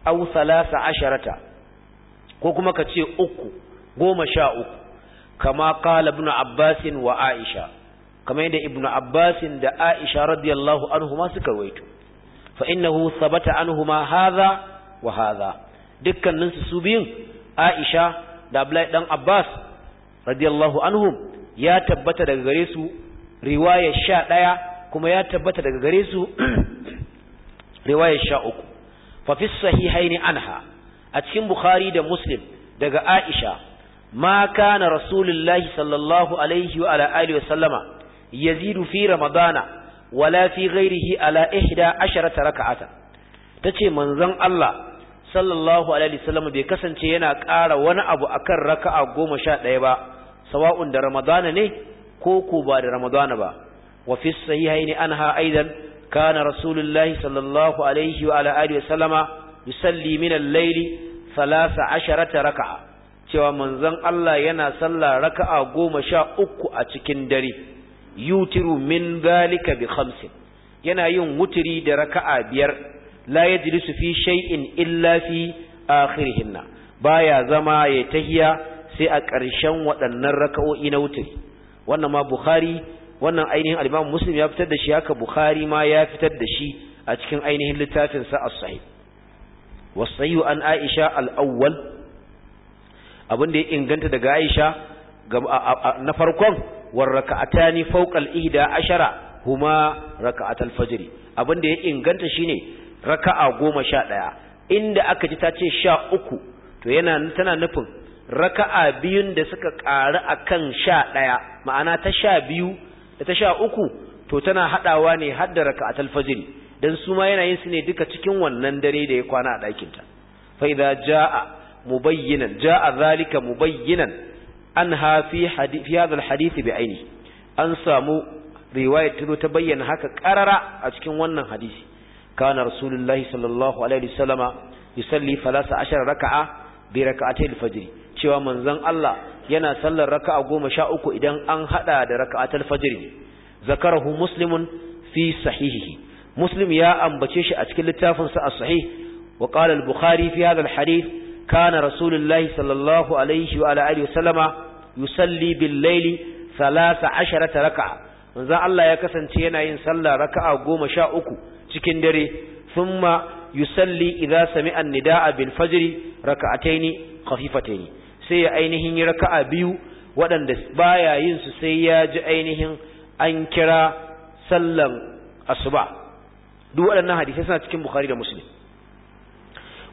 aw salasa asharata ko kuma ka ce uku goma sha uku kama qala ibn abbasin wa aisha kama yadda Ibn abbasin da aisha radiyallahu anhu ma suka waito fa innahu sabata anhuma hadha wa hadha dukkaninsu su su biyun aisha da abdullahi dan abbas radiyallahu anhu ya tabbata daga gare su riwaya sha ɗaya kuma ya tabbata daga gare su *clears throat* riwaya sha uku fa fi sahihaini anha a cikin bukhari da muslim daga aisha ma kana rasulullahi sallallahu alaihi wa ala alihi wa sallama yazidu fi ramadana wala fi ghairihi ala ihda asharata raka'ata tace manzon Allah sallallahu alaihi wasallam bai kasance yana ƙara wani abu akan raka'a goma sha ɗaya ba sawa'un da ramadana ne ko ko ba da ramadana ba wa fi sahihaini anha aidan kana rasulullahi sallallahu alaihi wa ala alihi wa sallama yusalli min al-layli 13 raka'a cewa manzon Allah yana sallah raka'a goma sha uku a cikin dare yutiru min zalika bi khamsin yana yin wutiri da raka'a biyar la yajlisu fi shay'in illa fi akhirihinna baya zama ya tahiya sai a ƙarshen waɗannan raka'o'i na wutiri wannan ma bukhari wannan ainihin al-imam muslim ya fitar da shi haka bukhari ma ya fitar da shi a cikin ainihin littafin sa as-sahih wasayu an aisha al-awwal abin da ya inganta daga aisha na farkon war raka'atani fawqa al-ihda ashara huma raka'atul fajr abin da ya inganta shine raka'a 11 inda aka ji ta ce 13 to yana tana nufin raka'a biyun da suka ƙaru kan sha ɗaya ma'ana ta sha biyu da ta sha uku to tana haɗawa ne har da raka'atul fajr dan su ma yana yin su ne duka cikin wannan dare da ya kwana a ɗakinta. ta fa idza jaa mubayyinan jaa zalika mubayyinan ha fi hadith fi hadha alhadith bi aini an samu ta zo ta bayyana haka karara a cikin wannan hadisi kana rasulullahi sallallahu alaihi wasallama yusalli 13 raka'a bi raka'atayil fajr cewa manzon Allah yana sallar raka'a goma sha uku idan an hada da raka'atul fajr zakarahu muslimun fi sahihihi muslim ya ambace shi a cikin littafin sa as-sahih wa qala al-bukhari fi hadha al-hadith kana rasulullahi sallallahu alaihi wa alihi wa sallama yusalli bil-layli 13 raka'a manzon Allah ya kasance yana yin sallar raka'a goma sha uku cikin dare thumma yusalli idza sami'a an-nida'a bil-fajr raka'ataini khafifataini sai ya ainihin yi raka'a biyu waɗanda baya yin su sai ya ji ainihin an kira sallan asuba duk waɗannan hadisai suna cikin bukhari da muslim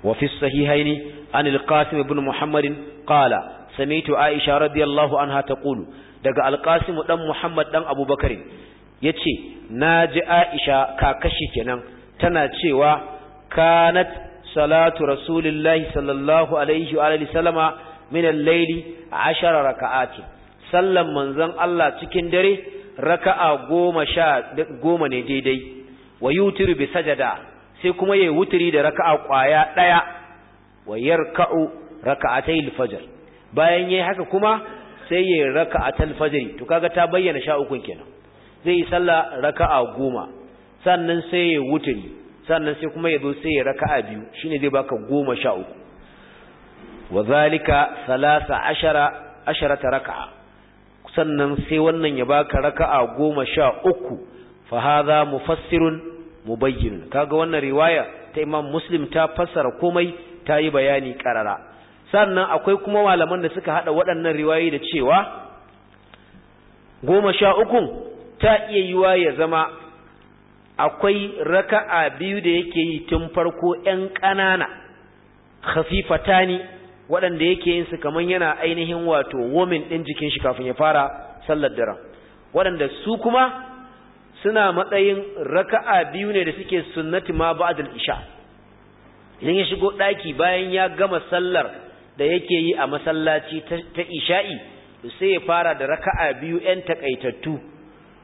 wa fi sahihaini an al ibn muhammadin qala sami'tu aisha radiyallahu anha taqulu daga al-qasim dan muhammad dan abubakar yace naji aisha kakashi kenan tana cewa kanat salatu rasulillahi sallallahu alaihi wa alihi sallama min al-layli 10 raka'atin sallan manzon Allah cikin dare raka'a goma goma ne daidai wa yutiru bi sajada sai kuma yayi wuturi da raka'a kwaya daya wa yarka'u raka'atay al-fajr bayan yayi haka kuma sai yayi raka'atul fajr to kaga ta bayyana sha uku kenan zai yi sallah raka'a goma sannan sai yayi wutiri sannan sai kuma ya zo sai ya raka'a biyu shine zai baka goma sha uku wa zalika salasa ashara Ashara ta raka'a sannan sai wannan ya baka raka'a goma sha uku fa hadha mufassirun mubayyin kaga wannan riwaya ta Imam Muslim ta fassara komai ta yi bayani karara sannan akwai kuma malaman da suka hada waɗannan riwayoyi da cewa goma sha uku ta iya yiwa ya zama akwai raka'a biyu da yake yi tun farko ‘yan ƙanana, khafifatani waɗanda yake yin su kamar yana ainihin wato womin ɗin jikin shi kafin ya fara sallar daren waɗanda su kuma suna matsayin raka'a biyu ne da suke sunnati ma ba'dal isha idan ya shigo ɗaki bayan ya gama sallar da yake yi a masallaci ta isha'i sai ya fara da raka'a biyu 'yan takaitattu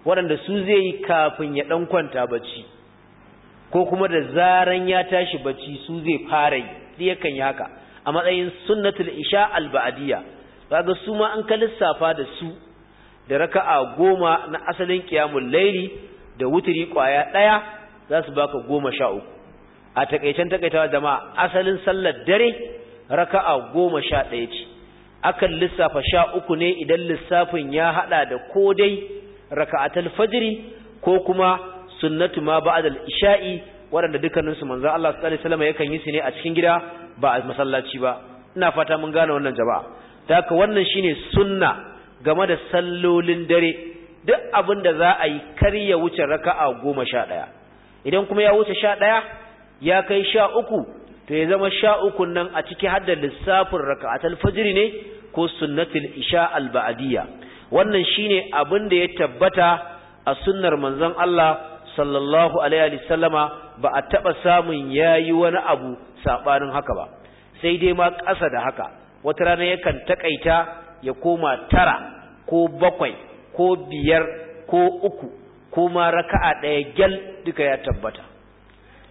waɗanda su zai yi kafin ya ɗan kwanta bacci ko kuma da zaran ya tashi bacci su zai fara yi yakan yi haka a matsayin sunnatul isha alba'adiyya ga su ma an ka lissafa da su da raka'a goma na asalin qiyamul laili da wuturi kwaya daya za su baka goma sha uku a takaicen takaitawa jama'a asalin sallar dare raka'a goma sha ɗaya ce akan lissafa sha uku ne idan lissafin ya hada da ko dai raka'atul fajri ko kuma sunnatu ma ba'dal isha'i waɗanda dukkaninsu manzo Allah sallallahu alaihi wasallam yakan yi su ne a cikin gida ba a masallaci ba ina fata mun gane wannan jama'a da haka wannan shine sunna game da sallolin dare duk abin da za a yi kar ya wuce raka'a goma sha ɗaya idan kuma ya wuce sha ɗaya ya kai sha uku to ya zama sha uku nan a ciki hadda lissafin raka'atul fajri ne ko sunnatul isha al ba'diyya wannan shine abin da ya tabbata a sunnar manzon Allah sallallahu alaihi sallama ba a taba samun yayi wani abu sabanin haka ba sai dai ma ƙasa da haka wata rana yakan takaita ya koma tara ko bakwai ko biyar ko uku ko ma raka'a ɗaya gyal duka ya tabbata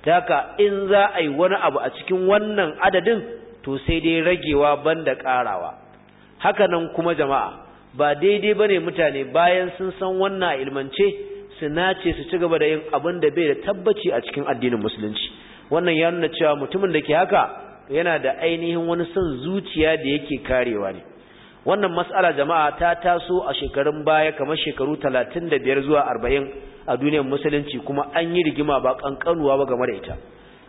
ta haka in za a yi wani abu a cikin wannan adadin to sai dai ragewa banda ƙarawa haka nan kuma jama'a ba daidai ba ne mutane bayan sun san wannan ilmance su nace su ci gaba da yin abin da bai da tabbaci a cikin addinin musulunci wannan ya nuna cewa mutumin da ke haka yana da ainihin wani son zuciya da yake karewa ne wannan matsala jama'a ta taso a shekarun baya kamar shekaru 35 zuwa 40 a duniyar musulunci kuma an yi rigima ba kankanuwa ba game da ita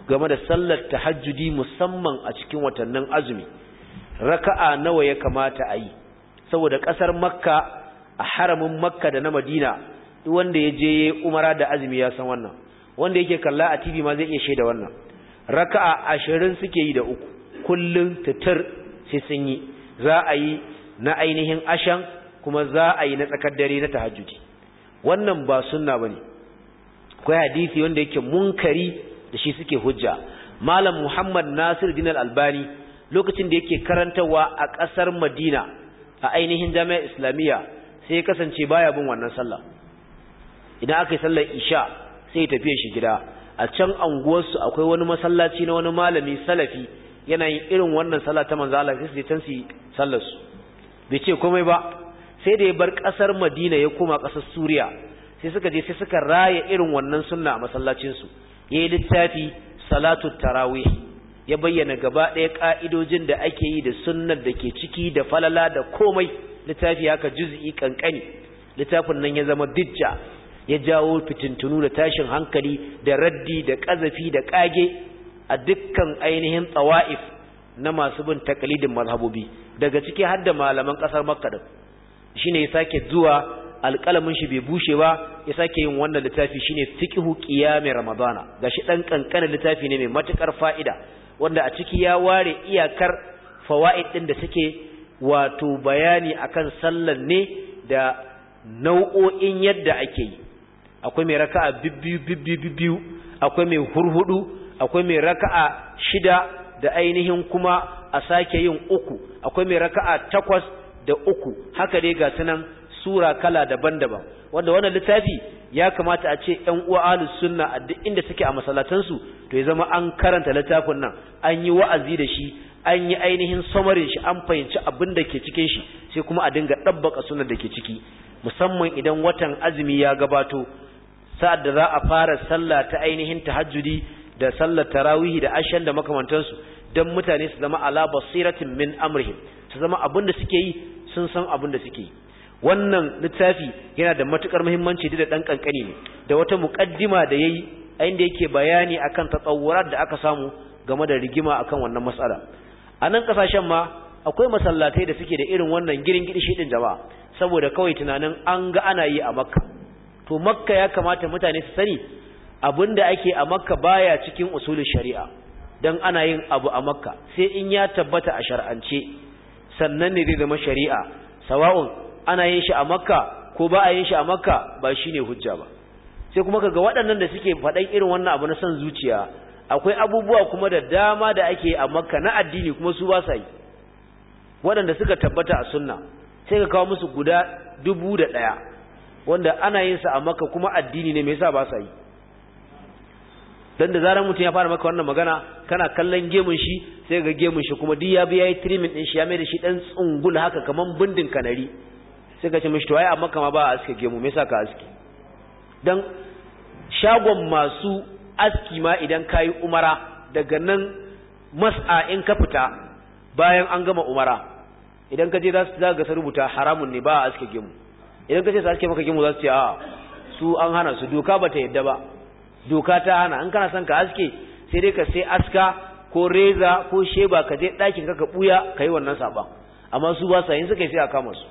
game da sallar tahajjudi musamman a cikin watannin azumi raka'a nawa ya kamata a yi saboda ƙasar makka a haramin makka da na madina duk wanda ya je umara da azumi ya san wannan wanda yake kalla a TV ma zai iya sheda wannan raka'a ashirin suke yi da uku kullun tatar sai sun yi za a yi na ainihin ashan kuma za a yi na tsakar dare na tahajjudi wannan ba sunna bane akwai hadisi wanda yake munkari da shi suke hujja malam Muhammad Nasir Din albani lokacin da yake karantawa a kasar Madina a ainihin Jami'ar Islamiyya sai ya kasance baya bin wannan sallah idan aka yi sallar isha sai ya tafi shi gida a can anguwarsu akwai wani masallaci na wani malami salafi yana yin irin wannan sallah ta manzo Allah sai can su sallar su bai ce komai ba sai da ya bar kasar Madina ya koma kasar Suriya sai suka je sai suka raya irin wannan sunna a masallacin su yayi littafi salatu tarawih ya bayyana gaba ɗaya ka'idojin da ake yi da sunnar da ke ciki da falala da komai littafi haka juz'i kankani littafin nan ya zama dijja ya jawo fitintunu da tashin hankali da raddi da ƙazafi da ƙage a dukkan ainihin tsawa'if na masu bin takalidin mazhabobi daga ciki har da malaman ƙasar makka din shine ya sake zuwa alƙalamin shi bai bushe ba ya sake yin wannan littafi shine fiqhu mai ramadana Ga shi ɗan ƙanƙanin littafi ne mai matukar fa'ida wanda a ciki ya ware iyakar fawaid din da suke wato bayani akan sallan ne da nau'o'in yadda ake yi akwai mai raka'a bibbiyu bibbiyu akwai mai hurhudu akwai mai raka'a shida da ainihin kuma a sake yin uku akwai mai raka'a takwas da uku haka dai ga sunan sura kala daban-daban wanda wannan littafi ya kamata a ce ƴan uwa ahli sunna a duk inda suke a masallatansu to ya zama an karanta littafin nan an yi wa'azi da shi an yi ainihin samarin shi an fahimci abin da ke cikin shi sai kuma a dinga dabbaka sunan da ke ciki musamman idan watan azumi ya gabato sa'ad da za a fara sallah ta ainihin tahajjudi da sallar tarawihi da ashan da makamantansu don mutane su zama ala basiratin min amrihim su zama abin da suke yi sun san abin da suke yi wannan littafi yana da matukar muhimmanci da dan kankani ne da wata muqaddima da yayi a inda yake bayani akan tatsawurar da aka samu game da rigima akan wannan mas'ala a nan kasashen ma akwai masallatai da suke da irin wannan girin gidi din jama'a saboda kawai tunanin an ga ana yi a makka to makka ya kamata mutane su sani abinda ake a makka baya cikin usulin shari'a dan ana yin abu a makka sai in ya tabbata a shar'ance sannan ne zai zama shari'a sawa'un ana yin shi a makka ko ba a yin shi a makka ba shine hujja ba sai kuma kaga waɗannan da suke faɗan irin wannan abu na son zuciya akwai abubuwa kuma da dama da ake a makka na addini kuma su ba sa yi waɗanda suka tabbata a sunna sai ka kawo musu guda dubu da ɗaya wanda ana yin sa a maka kuma addini ne me yasa ba sa yi dan da zaran mutum ya fara maka wannan magana kana kallon gemun shi sai ga gemun shi kuma duk ya bi yi trimming din shi ya mai da shi dan tsungul haka kaman bindin kanari sai ka ce mishi to ai amma kama ba a aske gemu me yasa ka aske dan shagon masu aski ma idan kayi umara daga nan mas'a in ka fita bayan an gama umara idan ka je za ga rubuta haramun ne ba a aske gemu idan ka ce su ake maka gimu za su ce a su an hana su doka ba ta yadda ba doka ta hana in kana son ka aske sai dai ka sai aska ko reza ko sheba ka je ɗakin ka ka ɓuya ka yi wannan saɓa amma su ba sa yin suka yi sai a kama su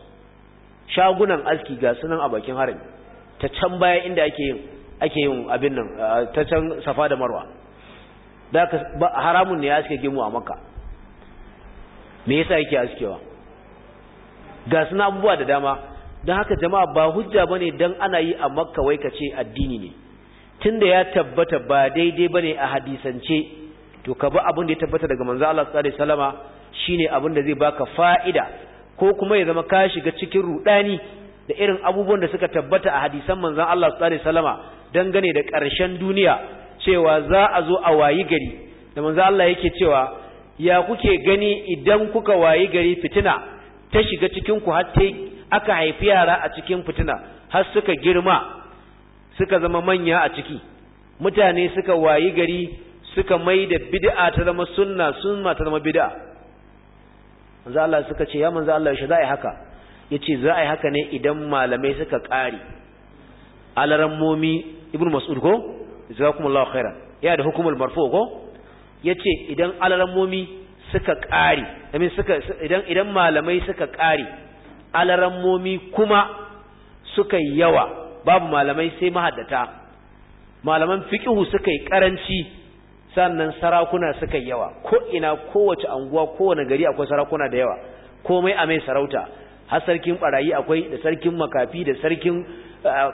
shagunan aski ga sunan a bakin harami ta can baya inda ake yin ake yin abin nan ta can safa da marwa da haramun ne ya aske gemu a makka me yasa yake askewa ga suna abubuwa da dama don haka jama'a ba hujja ba ne don ana yi a makka wai ka ce addini ne tunda ya tabbata ba daidai ba ne a hadisance to ka bi abin da ya tabbata daga manzo Allah sallallahu alaihi wasallama shine abin da zai baka fa'ida ko kuma ya zama ka shiga cikin rudani da irin abubuwan da suka tabbata a hadisan manzo Allah sallallahu alaihi wasallama gane da karshen duniya cewa za a zo a wayi gari da manzo Allah yake cewa ya kuke gani idan kuka wayi gari fitina ta shiga cikin ku har aka haifi yara a cikin fitina har suka girma suka zama manya a ciki mutane suka wayi gari suka mai da bid'a ta zama sunna sunna ta zama bid'a manzo Allah suka ce ya manzo Allah shi za a yi haka yace za a yi haka ne idan malamai suka kare alarammomi ibnu mas'ud ko jazakumullahu khairan ya da hukumul marfu ko yace idan alarammomi suka kare amin suka idan idan malamai suka kare alarammomi kuma suka yi yawa babu malamai sai mahaddata malaman fiƙihu suka yi ƙaranci sannan sarakuna suka yi yawa ko ina kowace anguwa kowane gari akwai sarakuna da yawa komai a mai sarauta har sarkin barayi akwai da sarkin makafi da sarkin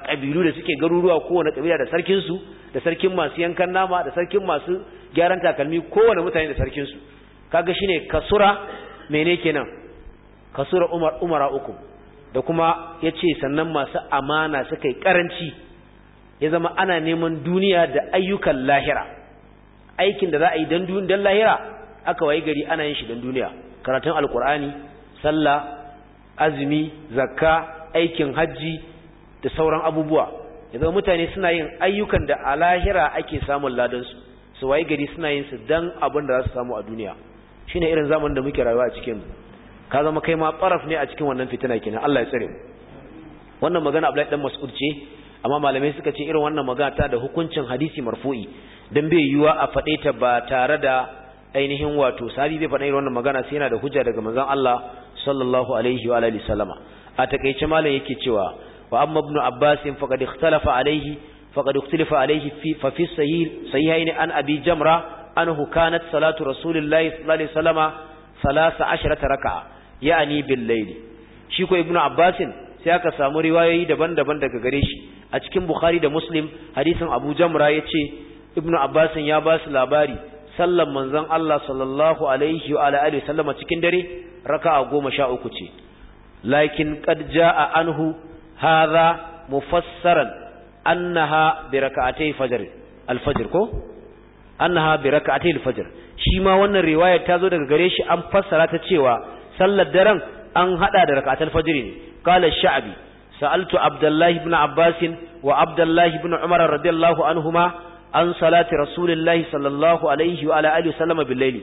kabilu eh, da suke garuruwa kowane kabila da sarkinsu su da sarkin masu yankan nama da sarkin masu gyaran takalmi kowane mutane da sarkinsu su kaga shine kasura mene kenan kasura umar umara uku da kuma ya ce sannan masu amana suka yi ƙaranci ya zama ana neman duniya da ayyukan lahira aikin da za a yi don lahira aka wayi gari ana yin shi don duniya karatun alkur'ani sallah azumi zakka aikin hajji da sauran abubuwa ya zama mutane suna yin ayyukan da a lahira ake samun ladansu su wayi gari suna yin su don abin da za su samu a duniya shine irin zamanin da muke rayuwa a cikin ka zama kai ma baraf ne a cikin wannan fitina kenan Allah ya tsare mu wannan magana Abdullahi dan Mas'ud ce amma malamai suka ce irin wannan magana ta da hukuncin hadisi marfu'i dan bai yiwa a fade ta ba tare da ainihin wato sahabi bai faɗa irin wannan magana sai yana da hujja daga manzon Allah sallallahu alaihi wa alihi sallama a takeice malam yake cewa wa amma ibn Abbas faqad ikhtalafa alaihi faqad ikhtalafa alaihi fi fa fi sahih sahihain an abi jamra anhu kanat salatu rasulillahi sallallahu alaihi wasallama 13 raka'a ya'ani bil laili shi ko ibnu abbasin sai aka samu riwayoyi daban-daban daga gare shi a cikin bukhari da muslim hadisin abu jamra yace ibnu abbasin ya ba su labari sallan manzon Allah sallallahu alaihi wa alihi sallama cikin dare raka'a 13 ce lakin qad jaa anhu hadha mufassaran annaha bi raka'atay fajr al-fajr ko annaha bi raka'atay al-fajr shi ma wannan riwayar ta zo daga gare shi an fassara ta cewa sallar daren an hada da rakatul fajr ne qala sha'bi sa'altu abdullahi ibn abbas wa abdullahi ibn umar radiyallahu anhuma an salati rasulillahi sallallahu alaihi wa ala alihi sallama bil layli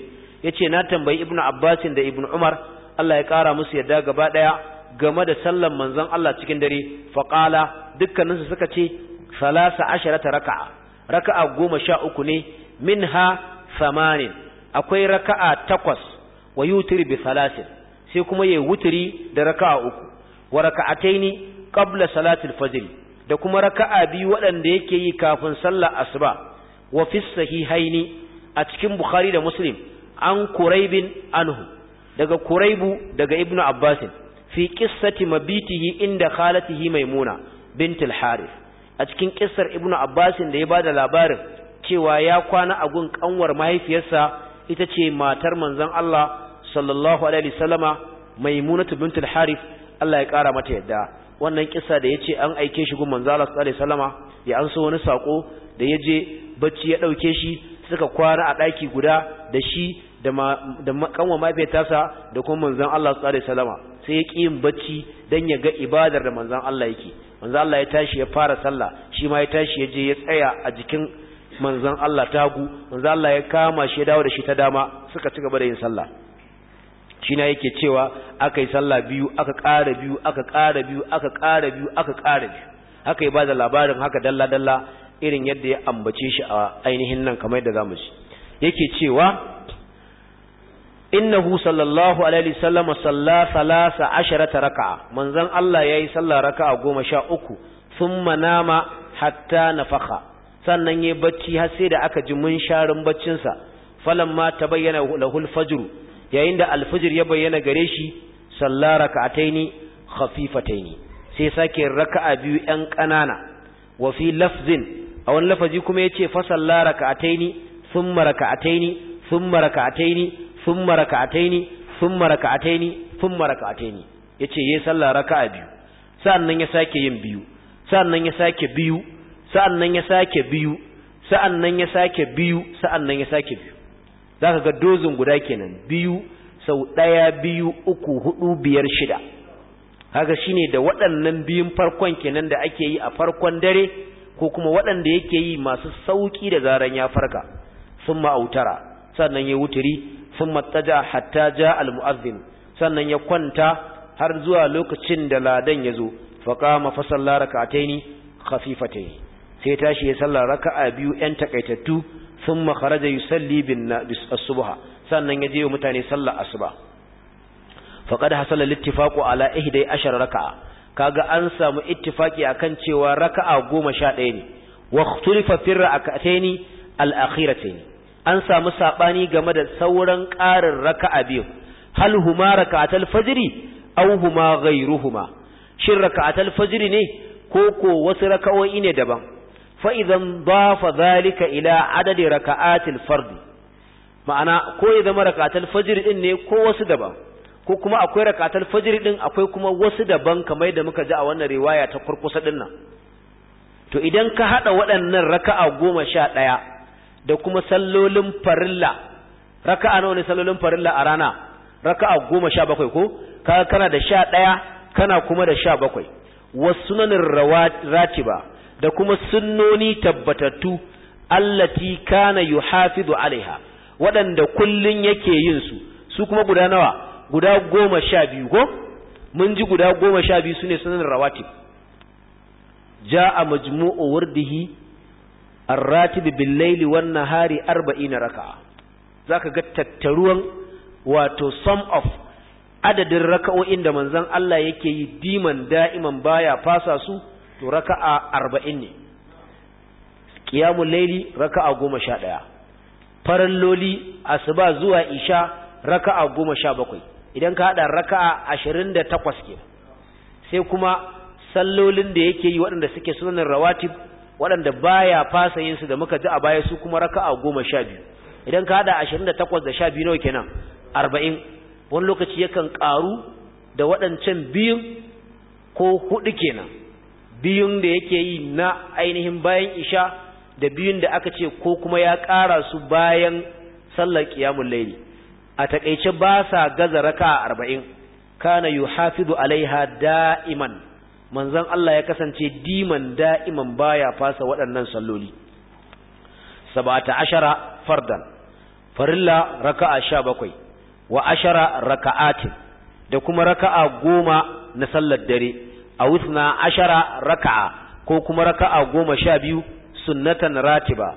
yace na tambayi ibn abbas da ibn umar Allah ya kara musu yadda gaba daya game da sallar manzon Allah cikin dare faqala dukkaninsu suka ce salasa asharata raka'a raka'a goma sha uku ne minha samanin akwai raka'a takwas wa yutir bi salasin sai kuma yayi wuturi da raka'a uku wa raka'ataini qabla salatil fajr da kuma raka'a biyu waɗanda yake yi kafin sallar asuba wa fi sahihaini a cikin bukhari da muslim an kuraibin anhu daga kuraibu daga ibnu abbas fi qissati mabitihi inda khalatihi maimuna bint al-harith a cikin kissar ibnu abbas da ya bada labarin cewa ya kwana a gun kanwar mahaifiyarsa ita ce matar manzon Allah sallallahu alaihi wasallama maimunatu bintul harith Allah ya kara mata yadda wannan kissa da yace an aike shi gun manzo sallallahu alaihi ya anso wani sako da yaje bacci ya dauke shi suka kwana a daki guda da shi da da kanwa mafiyarsa da kuma Manzan Allah sallallahu alaihi sai ya ƙi yin bacci dan ya ga ibadar da manzon Allah yake Manzan Allah ya tashi ya fara sallah shi ma ya tashi ya je ya tsaya a jikin Manzan Allah tagu Manzan Allah ya kama shi ya dawo da shi ta dama suka ci gaba da yin sallah shi na yake cewa aka yi sallah biyu aka ƙara biyu aka ƙara biyu aka ƙara biyu aka ƙara biyu haka yi ba da labarin haka dalla-dalla irin yadda ya ambace shi a ainihin nan kamar yadda zamu ci yake cewa innahu sallallahu alaihi wasallam salla salasa asharata raka'a manzon Allah yayi sallah raka'a uku thumma nama hatta nafakha sannan yayi bacci har sai da aka ji mun sharin baccin sa falamma tabayyana lahul fajr yayin da alfajir ya bayyana gare shi salla raka'ataini khafifataini sai sake raka'a biyu yan kanana wa fi lafzin a wani lafazi kuma yace fa salla raka'ataini thumma raka'ataini thumma raka'ataini thumma raka'ataini thumma raka'ataini thumma raka'ataini yace yayi salla raka'a biyu sa'annan ya sake yin biyu sa'annan ya sake biyu sa'annan ya sake biyu sa'annan ya sake biyu sa'annan ya sake biyu za ka ga dozin guda kenan biyu sau ɗaya biyu uku hudu biyar shida haka shine da waɗannan biyun farkon kenan da ake yi a farkon dare ko kuma waɗanda yake yi masu sauƙi da zaran ya farka sun ma'autara sannan ya wuturi sun mattaja hatta ja almu'azzin sannan ya kwanta har zuwa lokacin da ladan ya zo faƙama fasalla raka'ataini khafifatai sai tashi ya sallar raka'a biyu 'yan taƙaitattu. thumma kharaja yusalli bin as sannan ya je wa mutane sallar asuba faqad hasala al-ittifaqu ala 11 raka'a kaga an samu a kan cewa raka'a ɗaya ne a ikhtulifa fi rak'atayn al ne. an samu saɓani game da sauran ƙarin raka'a biyu hal huma raka'atul fajri Au huma ghayruhuma shin raka'atul fajiri ne ko ko wasu raka'o'i ne daban fa idan dafa zalika ila adadi raka'atil fardi ma'ana ko ya zama raka'atul fajr din ne ko wasu daban ko kuma akwai raka'atul fajr din akwai kuma wasu daban kamar da muka ji a wannan riwaya ta kurkusa din nan to idan ka hada waɗannan raka'a goma sha ɗaya da kuma sallolin farilla raka'a nawa ne sallolin farilla a rana raka'a goma sha bakwai ko kaga kana da sha ɗaya kana kuma da sha bakwai wasu nanin ba. da kuma sunnoni tabbatattu allati kana yuhafizu alaiha waɗanda kullun yake yin su su kuma guda nawa guda goma sha biyu ko mun ji guda goma sha biyu su ne sunan rawatib ja'a majmu'u wardihi arratib bil laili wan nahari 40 raka'a zaka ga tattaruwan wato sum of adadin raka'o'in da manzon Allah yake yi diman da'iman baya fasa su to raka'a arba'in ne ƙiyamun laili raka'a goma sha ɗaya farin loli asuba zuwa isha raka'a goma sha bakwai idan ka haɗa raka'a ashirin da takwas ke sai kuma sallolin da yake yi waɗanda suke sunanin rawatib waɗanda baya fasa yin su da muka ji a baya su kuma raka'a goma sha biyu idan ka haɗa ashirin da takwas da sha biyu nawa kenan arba'in wani lokaci yakan ƙaru da waɗancan biyun ko huɗu kenan biyun da yake yi na ainihin bayan isha da biyun da aka ce ko kuma ya ƙara su bayan sallar ƙiyamun laili a taƙaice ba sa gaza raka'a arba'in. kana hafizu alaiha da'iman manzon Allah ya kasance diman da'iman baya fasa waɗannan salloli ashara fardan farilla raka'a bakwai, wa ashara raka'atin da kuma raka'a goma na sallar dare a wutna ashara raka'a ko kuma raka'a goma sha biyu sunnatan ratiba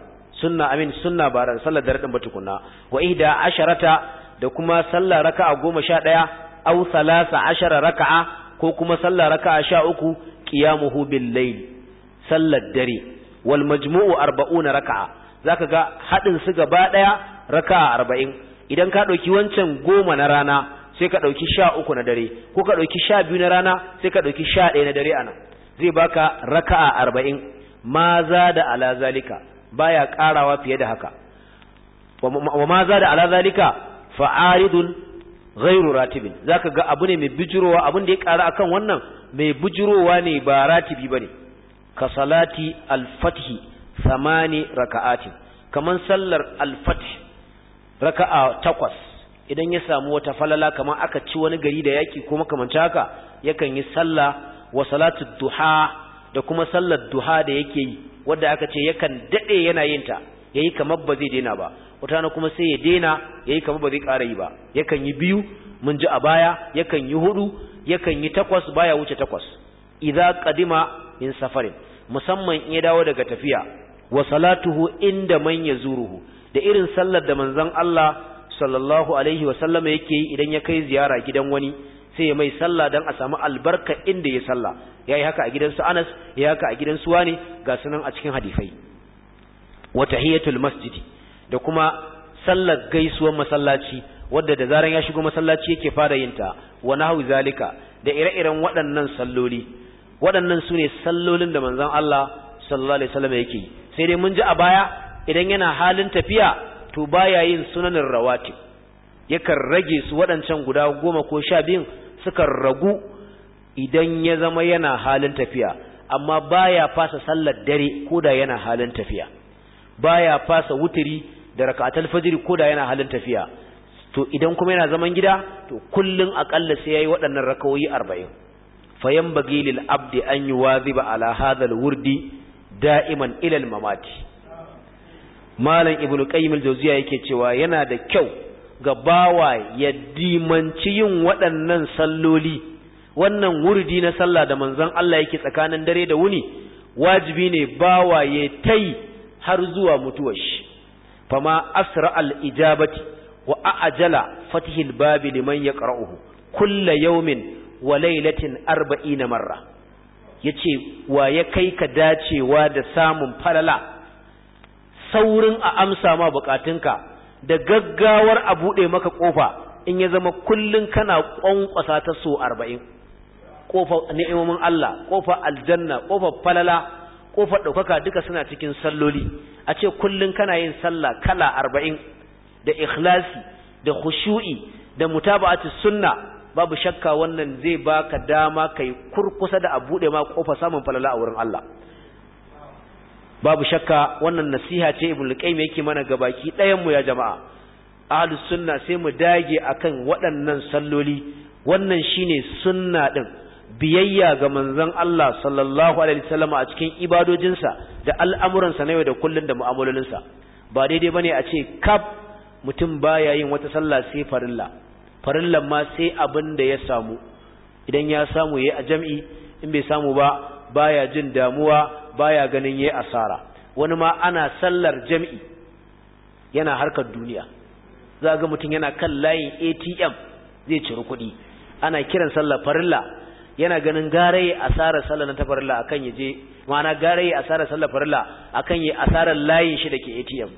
sunna amin sunna ba sallar dare ba tukunna wa ihda asharata da kuma sallar raka'a goma sha ɗaya aw salasa ashara raka'a ko kuma sallar raka'a sha uku qiyamuhu bil layl sallar dare wal majmu'u arba'una raka'a zaka ga hadin su gaba ɗaya raka'a arba'in idan ka ɗauki wancan goma na rana sai ka ɗauki sha uku na dare ko ka ɗauki sha biyu na rana sai ka ɗauki sha ɗaya na dare ana zai baka raka'a arba'in ma za da ala zalika ya ƙarawa fiye da haka wa ma za da ala zalika fa'aridun ghairu ratibin ka ga abu ne mai bijirowa abin da ya ƙara akan wannan mai bijirowa ne ba ratibi bane ka salati alfathi samani raka'atin kamar sallar al raka'a takwas idan ya samu wata falala kamar aka ci wani gari da yaki ko makamanta haka yakan yi sallah wa salatu duha da kuma sallar duha da yake yi Wadda aka ce yakan dade yana yin ta yayi kamar ba zai daina ba wata na kuma sai ya daina yayi kamar ba zai ƙara yi ba yakan yi biyu mun ji a baya yakan yi hudu yakan yi takwas baya wuce takwas idza qadima min safarin musamman in ya dawo daga tafiya wa salatuhu inda man yazuruhu da irin sallar da manzon Allah sallallahu alaihi wasallama yake yi idan ya kai ziyara gidan wani sai ya mai sallah Dan a samu albarka inda ya salla yayi haka a gidan su anas ya haka a gidansu wani ga sunan a cikin hadifai wata tahiyatul masjidi da kuma sallar gaisuwar masallaci wadda da zaran ya shigo masallaci yake fara yinta wa nahu zalika da ire-iren waɗannan salloli waɗannan su ne sallolin da manzon Allah sallallahu alaihi wasallam yake sai dai mun ji a baya idan yana halin tafiya to baya yin sunanin rawatib yakan rage su waɗancan guda goma ko sha biyun sukan ragu idan ya zama yana halin tafiya amma baya fasa sallar dare ko da yana halin tafiya baya fasa wuturi da raka'atul fajr ko da yana halin tafiya to idan kuma yana zaman gida to kullun akalla sai yayi waɗannan rakawoyi 40 fayan bagilil abdi an yuwaziba ala hadha wurdi da'iman ilal mamati. malam ibn qayyim al-jawziya yake cewa yana da kyau ga bawa ya dimanci yin waɗannan salloli wannan wurdi na sallah da manzon Allah yake tsakanin dare da wuni wajibi ne bawa ya tai har zuwa mutuwar shi fama asra al-ijabati wa ajala fatihil babi liman yaqra'uhu kulla yawmin wa laylatin na marra yace wa ya kai ka dacewa da samun falala saurin a amsa ma bukatunka da gaggawar a buɗe maka ƙofa in ya zama kullum kana ƙwanƙwasa ta so arba'in ƙofa ni'imomin Allah ƙofa aljanna ƙofa falala ƙofa ɗaukaka duka suna cikin salloli a ce kullum kana yin sallah kala arba'in da ikhlasi da khushu'i da mutaba'ati sunna babu shakka wannan zai baka dama kai kurkusa da a buɗe ma ƙofa samun falala a wurin Allah babu shakka wannan nasiha ce ibn al-qayyim yake mana gabaki ɗayan mu ya jama'a ahlus sunna sai mu dage akan waɗannan salloli wannan shine sunna din biyayya ga manzon Allah sallallahu alaihi wasallam a cikin ibadojinsa da al'amuransa na yau da kullun da mu'amalolinsa ba daidai bane a ce kaf mutum baya yin wata sallah sai farilla farillan ma sai abin da ya samu idan ya samu yayi a jami'i in bai samu ba baya jin damuwa baya ganin yayi asara wani ma ana sallar jami'i yana harkar duniya za ga mutum yana kan layin ATM zai ciri kuɗi ana kiran sallar farilla yana ganin garaye asarar sallar na farilla akan ya je ma'ana garaye asarar sallar farilla akan ya asarar layin shi dake ATM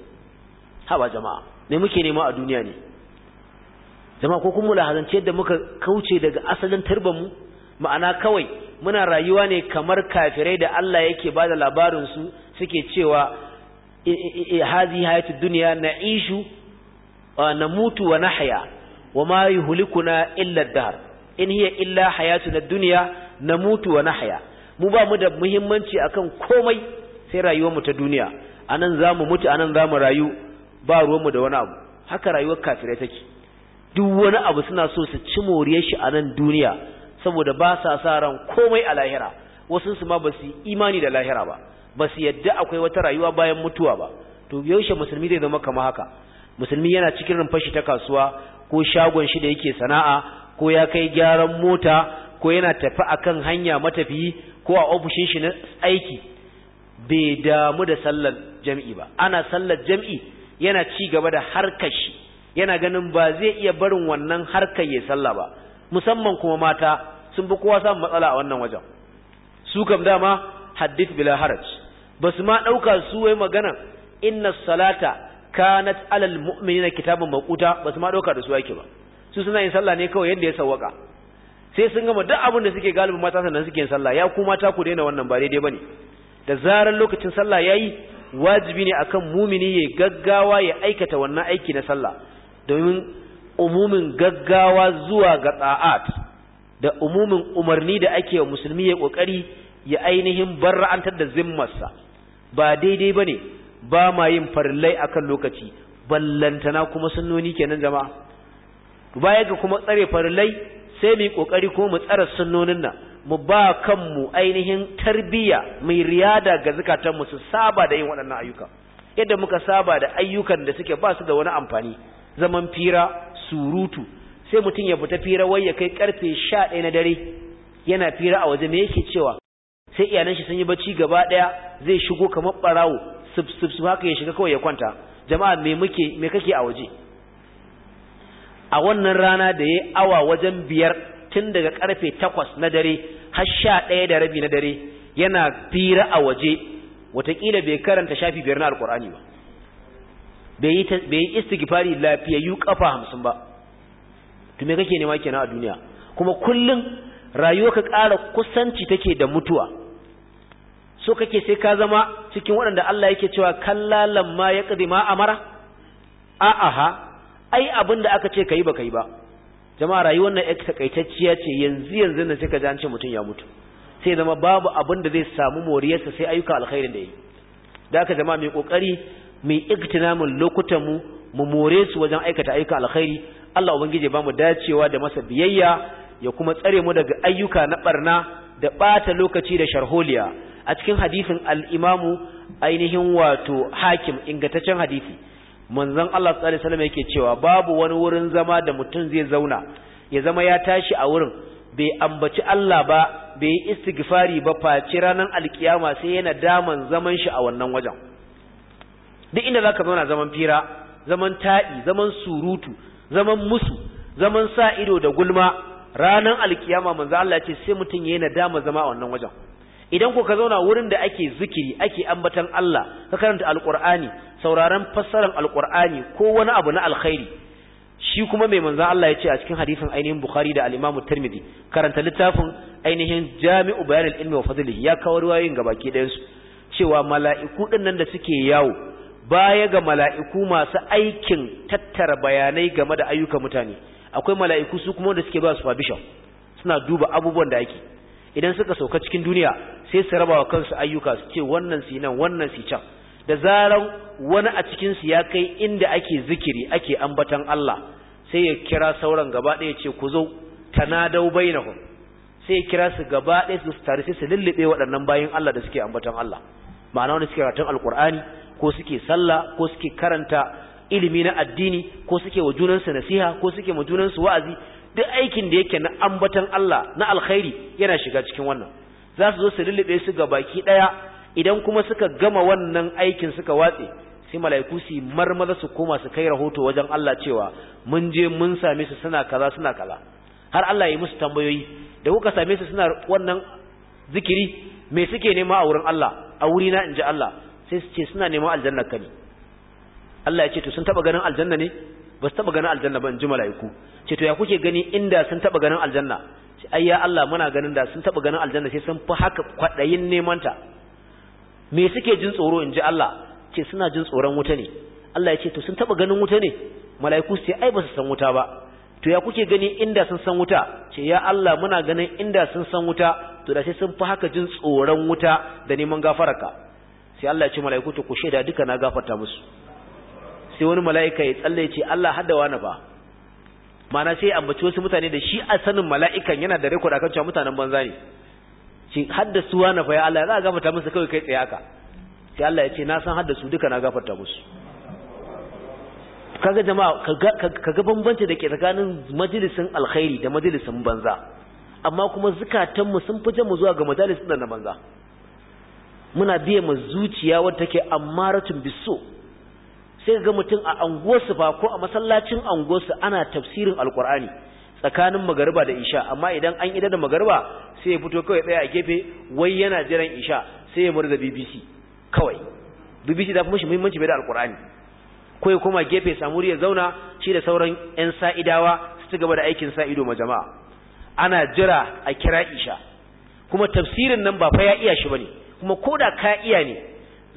haba jama'a me muke nema a duniya ne jama'a ko kun mulahazance yadda muka kauce daga asalin tarbar mu ma'ana kawai muna rayuwa ne kamar kafirai da Allah yake ba da labarinsu suke cewa hazi hayatu duniya na ishu na mutu wa haya. wa ma yuhlikuna illa dar in hiya illa na dunya na mutu wa haya. mu ba mu da muhimmanci a kan komai sai rayuwarmu ta duniya anan mu mutu anan mu rayu ba ruwan mu da wani abu haka rayuwar kafirai take duk wani abu suna so su ci moriyar shi a nan duniya saboda ba sa sa ran komai a lahira wasu su ma ba su imani da lahira ba ba su yadda akwai wata rayuwa bayan mutuwa ba to yaushe musulmi zai zama kamar haka musulmi yana cikin rumfashi ta kasuwa ko shagon shi da yake sana'a ko ya kai gyaran mota ko yana tafi akan hanya matafiyi ko a ofishin shi na aiki bai damu da sallar jam'i ba ana sallar jam'i yana ci gaba da harkar shi yana ganin ba zai iya barin wannan harkar ya sallah ba musamman kuma mata sun fi kowa samun matsala a wannan wajen su kam dama hadith bila haraj ba su ma ɗauka su wai magana inna salata kanat alal mu'minina kitabun makuta ba su ma ɗauka da su yake ba su suna yin sallah ne kawai yadda ya sawaka sai sun gama duk abin da suke galibin mata sannan suke yin sallah ya ku mata ku daina wannan ba daidai bane da zarar lokacin sallah yayi wajibi ne akan mumini ya gaggawa ya aikata wannan aiki na sallah domin umumin gaggawa zuwa ga tsa'at da umumin umarni da ake wa musulmi ya ƙoƙari ya ainihin barra'antar da zimmarsa ba daidai ba ne ba ma yin a kan lokaci ballantana kuma sunnoni kenan jama'a baya ga kuma tsare farillai sai mu yi kokari kuma mu tsare sunnonin nan mu ba kanmu ainihin tarbiyya mai riyada ga zakatanmu su saba da yin waɗannan ayyuka yadda muka saba da ayyukan da suke ba su da wani amfani zaman fira surutu sai mutum ya fita fira wai ya kai karfe sha ɗaya na dare yana fira a waje me yake cewa sai iyalan shi sun yi bacci gaba ɗaya zai shigo kamar Barawo sub sub haka ya shiga kawai ya kwanta jama'a me muke me kake a waje a wannan rana da ya awa wajen biyar tun daga karfe takwas na dare har sha ɗaya da rabi na dare yana fira a waje watakila bai karanta shafi biyar na alkur'ani ba bai yi istighfari lafiyayyu kafa hamsin ba tume kake nema kenan a duniya kuma kullun ka ƙara kusanci take da mutuwa so kake sai ka zama cikin waɗanda Allah yake cewa kallalan ma ya ma amara ha, ai abin da aka ce kai ba kai ba jama'a rayuwar nan ita takaitacciya ce yanzu yanzu nan sai ka ji an ce mutum ya mutu sai zama babu abin da zai samu moriyarsa sai ayyuka alkhairin da yi da aka jama'a mai kokari mai iktinamin lokutan mu mu more su wajen aikata ayyuka alkhairi Allah ubangiji ba mu dacewa da masa biyayya ya kuma tsare mu daga ayyuka na barna da ɓata lokaci da sharholiya a cikin hadisin al-imamu ainihin wato hakim ingantaccen hadisi manzon Allah sallallahu alaihi wasallam yake cewa babu wani wurin zama da mutum zai zauna ya zama ya tashi a wurin bai ambaci Allah ba bai yi istighfari ba face ranar alkiyama sai yana daman zaman shi a wannan wajen duk inda zaka zauna zaman fira zaman ta'i zaman surutu zaman musu zaman sa ido da gulma ranan alkiyama manzo Allah ce sai mutun yi nadama zama a wannan wajen idan ko ka zauna wurin da ake zikiri ake ambatan Allah ka karanta alqur'ani sauraron fassarar alqur'ani ko wani abu na alkhairi shi kuma mai manzo Allah ya ce a cikin hadisin ainihin Bukhari da al-Imam Tirmidhi karanta littafin ainihin Jami'u Bayan al-Ilmi wa Fadlihi ya kawo yin gabaki ɗayan su cewa mala'iku dinnan da suke yawo baya ga mala'iku masu aikin tattara bayanai game da ayyukan mutane akwai mala'iku su kuma wanda suke ba supervision suna duba abubuwan da ake idan suka sauka cikin duniya sai su raba wa kansu ayyuka su ce wannan su nan wannan su can da zaran wani a cikinsu ya kai inda ake zikiri ake ambatan Allah sai ya kira sauran gaba ɗaya ce ku zo tanadau bainahum sai ya kira su gaba ɗaya su tare sai su lullube waɗannan bayan Allah da suke ambatan Allah ma'ana wani suke ratun alkur'ani ko suke sallah ko suke karanta ilimi na addini ko suke wa junansu nasiha ko suke wa junansu wa'azi duk aikin da yake na ambatan Allah na alkhairi yana shiga cikin wannan za su zo su lullube su ga baki daya idan kuma suka gama wannan aikin suka watse sai mala'iku su marmaza su koma su kai rahoto wajen Allah cewa mun je mun same su suna kaza suna kaza har Allah ya musu tambayoyi da kuka same su suna wannan zikiri me suke nema a wurin Allah a wuri wurina inji Allah sai su ce suna neman aljanna ka ne Allah ya ce to sun taba ganin aljanna ne ba su taba ganin aljanna ba in ji mala'iku ce to ya kuke gani inda sun taba ganin aljanna ce ai ya Allah muna ganin da sun taba ganin aljanna sai sun fi haka kwadayin neman ta me suke jin tsoro in ji Allah ce suna jin tsoron wuta ne Allah ya ce to sun taba ganin wuta ne mala'iku su ce ai ba su san wuta ba to ya kuke gani inda sun san wuta ce ya Allah muna ganin inda sun san wuta to da sai sun fi haka jin tsoron wuta da neman gafararka sai Allah ya ce mala'iku to ku shaida duka na gafarta musu sai wani mala'ika ya tsalle ya ce Allah hadda wani fa mana sai ambaci wasu mutane da shi a sanin mala'ikan yana da rekod akan cewa mutanen banza ne ce su wani fa ya Allah za a gafarta musu kawai kai tsaye haka sai Allah ya ce na san su duka na gafarta musu kaga jama'a kaga bambanci da ke tsakanin majalisin alkhairi da majalisin banza amma kuma zukatanmu sun fi jan mu zuwa ga majalisin da na banza muna biye ma zuciya wadda take ammaratun biso sai ga mutum a anguwarsu ba ko a masallacin anguwarsu ana tafsirin alkur'ani tsakanin magariba da isha amma idan an ida da magariba sai ya fito kawai tsaya a gefe wai yana jiran isha sai ya murza bbc kawai bbc ta fi mashi muhimmanci bai da alkur'ani ko ya koma gefe samu ya zauna shi da sauran yan sa'idawa su ci gaba da aikin ido ma jama'a ana jira a kira isha kuma tafsirin nan ba fa ya iya shi bane kuma ko da ka iya ne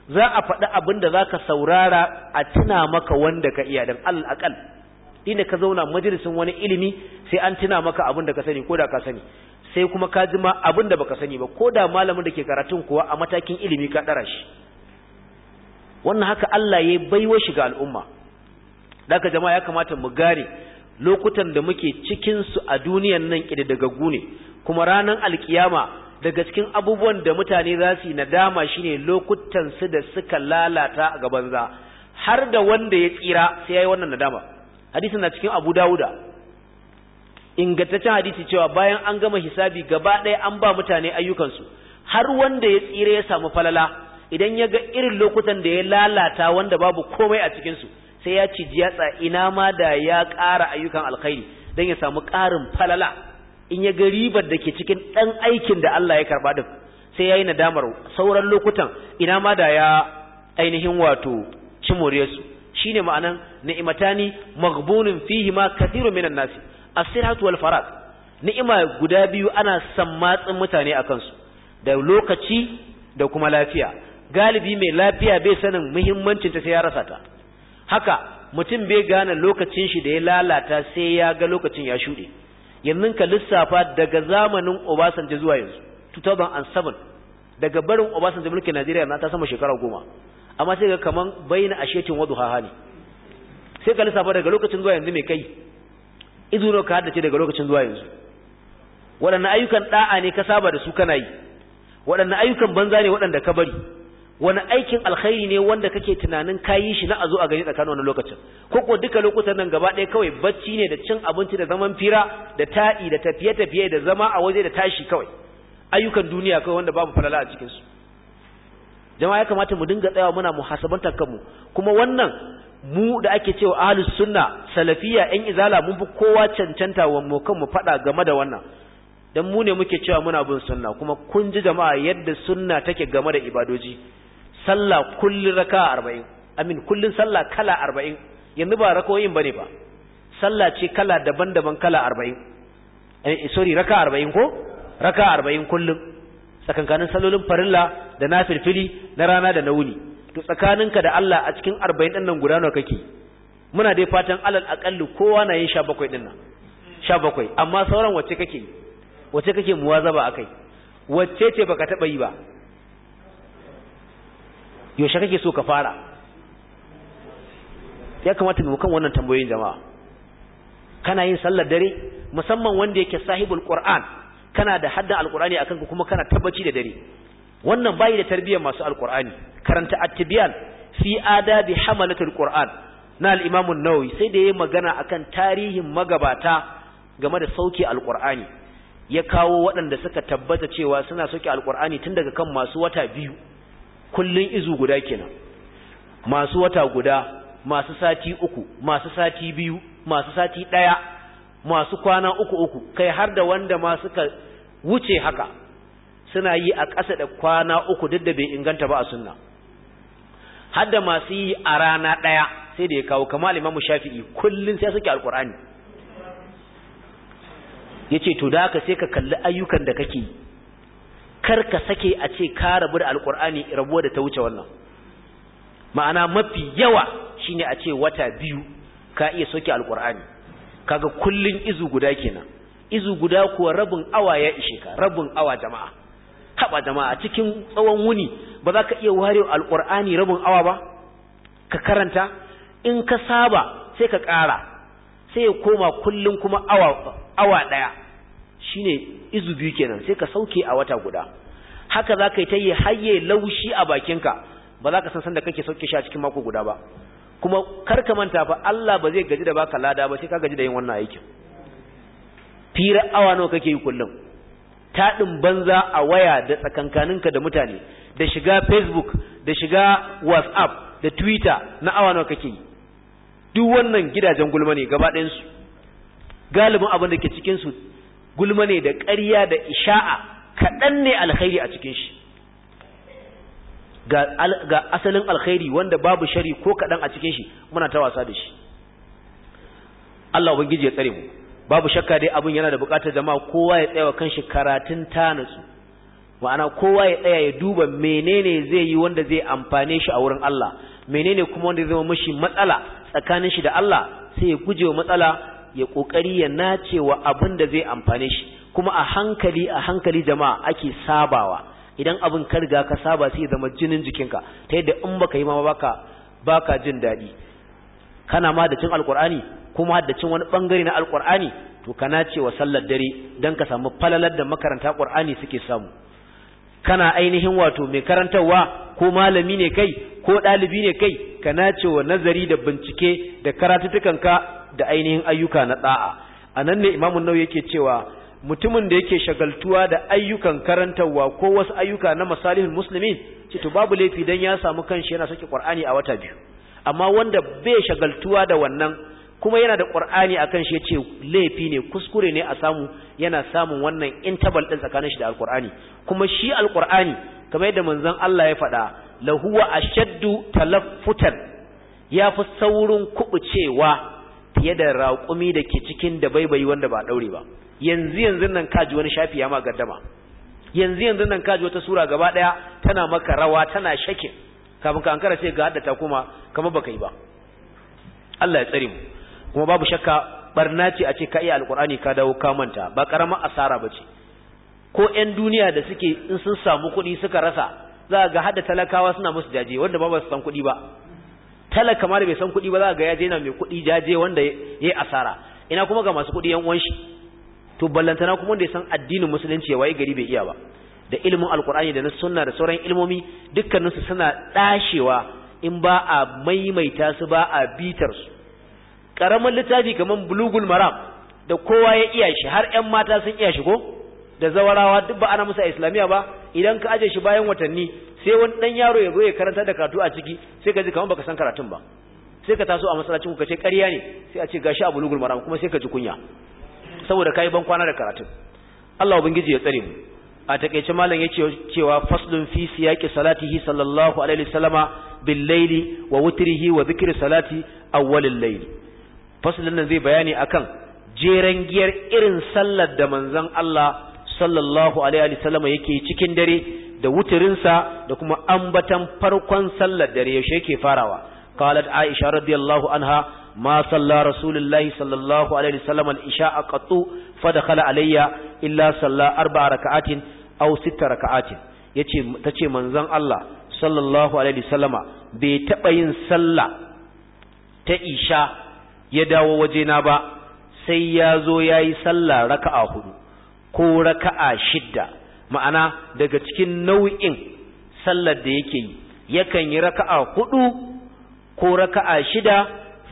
za a faɗi abin da za ka saurara a tuna maka wanda ka iya don al'akal inda ka zauna majalisin wani ilimi sai an tuna maka abin da ka sani ko da ka sani sai kuma ka ji ma abin da baka sani ba ko da malamin da ke karatun kuwa a matakin ilimi ka ɗara shi wannan haka Allah ya baiwa shi ga al'umma daga jama'a ya kamata mu gane lokutan da muke cikin su a duniyan nan daga gune, kuma ranar alkiyama daga cikin abubuwan da mutane za su yi nadama shine lokutan su da suka lalata a gaban za har da wanda ya tsira sai yayi wannan nadama hadisin na cikin Abu Dawuda ingantaccen hadisi cewa bayan an gama hisabi gaba ɗaya an ba mutane ayyukansu har wanda ya tsira ya samu falala idan ya ga irin lokutan da ya lalata wanda babu komai a cikinsu sai ya ci jiyatsa ina ma da ya ƙara ayyukan alkhairi don ya samu ƙarin falala in ya ga ribar da ke cikin ɗan aikin da Allah ya karɓa ɗin, sai ya yi nadamar sauran lokutan ina ma da ya ainihin wato cimore su shi ne ma'anan ni'imatani magbunin fihi ma kathiru minan nasi asiratu wal farad ni'ima guda biyu ana sammatsin mutane a kansu da lokaci da kuma lafiya galibi mai lafiya bai sanin muhimmancin ta sai ya rasa ta haka mutum bai gane lokacin shi da ya lalata sai ya ga lokacin ya shuɗe yanzu ka lissafa daga zamanin Obasanjo zuwa yanzu 2007 daga barin Obasanjo mulkin Najeriya na ta sama shekara goma amma sai ga kaman bayyana ashetin waduha hali sai ka lissafa daga lokacin zuwa yanzu mai kai izuno ka haddace daga lokacin zuwa yanzu waɗanne ayyukan ɗa'a ne ka saba da su kana yi waɗanne ayyukan banza ne waɗanda ka bari wani aikin alkhairi ne wanda kake tunanin kayi shi na a zo a gani tsakanin wani lokacin ko ko duka lokutan nan gaba ɗaya kawai bacci ne da cin abinci da zaman fira da taɗi da tafiye-tafiye da zama a waje da tashi kawai ayyukan duniya kawai wanda babu falala a cikin su jama'a ya kamata mu dinga tsayawa muna muhasabantar kanmu kuma wannan mu da ake cewa ahlus sunna salafiya yan izala mun fi kowa cancanta wa mu kanmu faɗa game da wannan dan mu ne muke cewa muna bin sunna kuma kun ji jama'a yadda sunna take game da ibadoji sallah kullun raka arba'in amin kullun sallah kala arba'in yanzu ba rakoyin bane ba sallah ce kala daban-daban kala arba'in eh, eh, sorry raka arba'in ko raka arba'in kullun tsakankanin salolin farilla da na filfili na rana da na wuni to tsakaninka da Allah a cikin arba'in ɗin nan guda nawa kake muna dai fatan alal aƙalli kowa na yin sha bakwai ɗin nan sha bakwai amma sauran wacce kake wacce kake muwazaba akai wacce ce baka taɓa yi ba yaushe kake so ka fara ya kamata mu kan wannan tambayoyin jama'a kana yin sallar dare musamman wanda yake sahibul qur'an kana da hadda alqur'ani akan ku kuma kana tabbaci da dare wannan bayi da tarbiyyar masu alqur'ani karanta at-tibyan fi adabi hamalatul qur'an na al-imam an-nawawi sai da yayi magana akan tarihin magabata game da sauki alqur'ani ya kawo waɗanda suka tabbata cewa suna sauki alqur'ani tun daga kan masu wata biyu kullun izu guda kenan masu wata guda masu sati uku masu sati biyu masu sati ɗaya masu kwana uku uku kai har da wanda ma suka wuce haka suna yi a ƙasa da kwana uku duk da bai inganta ba a sunna har da masu yi a rana ɗaya sai da ya kawo kamar Imam shafi'i kullun sai suke alkur'ani yace to da haka sai ka kalli ayyukan da kake yi kar ka sake a ce ka rabu da alkur'ani rabuwa da ta wuce wannan ma'ana mafi yawa shine a ce wata biyu ka iya soke alkur'ani kaga kullun izu guda kenan izu guda kuwa rabin awa ya ishe ka rabin awa jama'a haba jama'a cikin tsawon wuni ba za ka iya ware alkur'ani rabin awa ba ka karanta in ka saba sai ka ƙara sai ya koma kullun kuma awa awa ɗaya shine izu biyu kenan sai ka sauke a wata guda haka za ka yi ta yi hayye laushi a bakinka ba za ka san sanda kake sauke shi a cikin mako guda ba kuma kar ka manta fa Allah ba zai gaji da baka lada ba sai ka gaji da yin wannan aikin fira awa nawa kake yi kullum taɗin banza a waya da tsakankaninka da mutane da shiga facebook da shiga whatsapp da twitter na awa nawa kake yi duk wannan gidajen gulma ne gaba ɗayansu galibin abin da ke cikinsu gulma ne da ƙarya da isha'a kaɗan ne alkhairi a cikin shi ga asalin alkhairi wanda babu shari ko kaɗan a cikin shi muna ta wasa da shi Allah ubangiji ya tsare mu babu shakka dai abin yana da buƙatar jama'a kowa ya tsaya shi karatun tanatsu ma'ana kowa ya tsaya ya duba menene zai yi wanda zai amfane shi a wurin Allah menene kuma wanda zai zama mashi matsala tsakanin shi da Allah sai ya guje wa matsala ya kokari ya nace wa abin da zai amfane shi kuma a hankali a hankali jama'a ake sabawa idan abin ka riga ka saba sai zama jinin jikinka ta yadda in baka yi ma baka baka jin daɗi kana ma da cin alkur'ani kuma da cin wani bangare na alkur'ani to ka nace wa sallar dare dan ka samu falalar da makaranta ƙur'ani suke samu kana ainihin wato mai karantarwa ko malami ne kai ko ɗalibi ne kai ka nace wa nazari da bincike da ka da ainihin ayyuka na da'a a nan ne imamun nau yake cewa mutumin da yake shagaltuwa da ayyukan karantarwa ko wasu ayyuka na masalihin musulmin ce to babu laifi dan ya samu kanshi yana saki qur'ani a wata biyu amma wanda bai shagaltuwa da wannan kuma yana da qur'ani kanshi ya ce laifi ne kuskure ne a samu yana samun wannan intabal din tsakanin shi da alqur'ani kuma shi alqur'ani kamar yadda manzon Allah ya faɗa lahuwa ashaddu talaffutan ya fi saurin kubucewa fiye da raƙumi da ke cikin da baibayi wanda ba daure ba yanzu yanzu nan kaji wani shafi ya ma gaddama yanzu yanzu nan kaji wata sura gaba daya tana maka rawa tana shakin kafin ka ankara sai ga hadda ta koma kamar baka yi ba Allah ya tsare mu kuma babu shakka barna ce a ce ka iya alqur'ani ka dawo ka manta ba karama asara bace ko 'yan duniya da suke in sun samu kuɗi suka rasa za ga hada talakawa suna musu jaje wanda ba ba su san kuɗi ba talaka ma da bai san kuɗi ba za ga ya je yana mai kuɗi jaje wanda yayi asara ina kuma ga masu kuɗi yan uwan shi to ballantana kuma wanda ya san addinin musulunci ya gari bai iya ba da ilimin alkur'ani da na sunna da sauran ilmomi dukkaninsu suna dashewa in ba a maimaita su ba a bitar su karamin littafi kaman bulugul maram da kowa ya iya shi har 'yan mata sun iya shi ko da zawarawa duk ba ana musu a ba idan ka aje shi bayan watanni sai wani dan yaro ya zo ya karanta da karatu a ciki sai ka ji kamar baka san karatun ba sai ka taso a masallacin ku ka ce ƙarya ne sai a ce gashi a lugul maram kuma sai ka ji kunya saboda kai ban kwana da karatun Allah ubangiji ya tsare mu a takeice malam yace cewa faslun fi siyaqi salatihi sallallahu alaihi wasallama bil laili wa wutrihi wa dhikri salati awwalil laili. faslun nan zai bayani akan jeren giyar irin sallar da manzon Allah sallallahu alaihi wa wasallam yake cikin dare da wuturinsa da kuma ambatan farkon sallar dare yaushe yake farawa qalat aisha radiyallahu anha ma salla rasulullahi sallallahu alaihi wa wasallam al-isha qattu fa dakhala alayya illa salla arba'a raka'atin aw sita raka'atin yace tace manzon Allah sallallahu alaihi wa wasallama bai taba yin sallah ta isha ya dawo wajena ba sai ya zo yayi sallah raka'a hudu ko raka'a shidda ma'ana daga cikin nau'in sallar da yake yi yakan yi raka'a hudu ko raka'a shida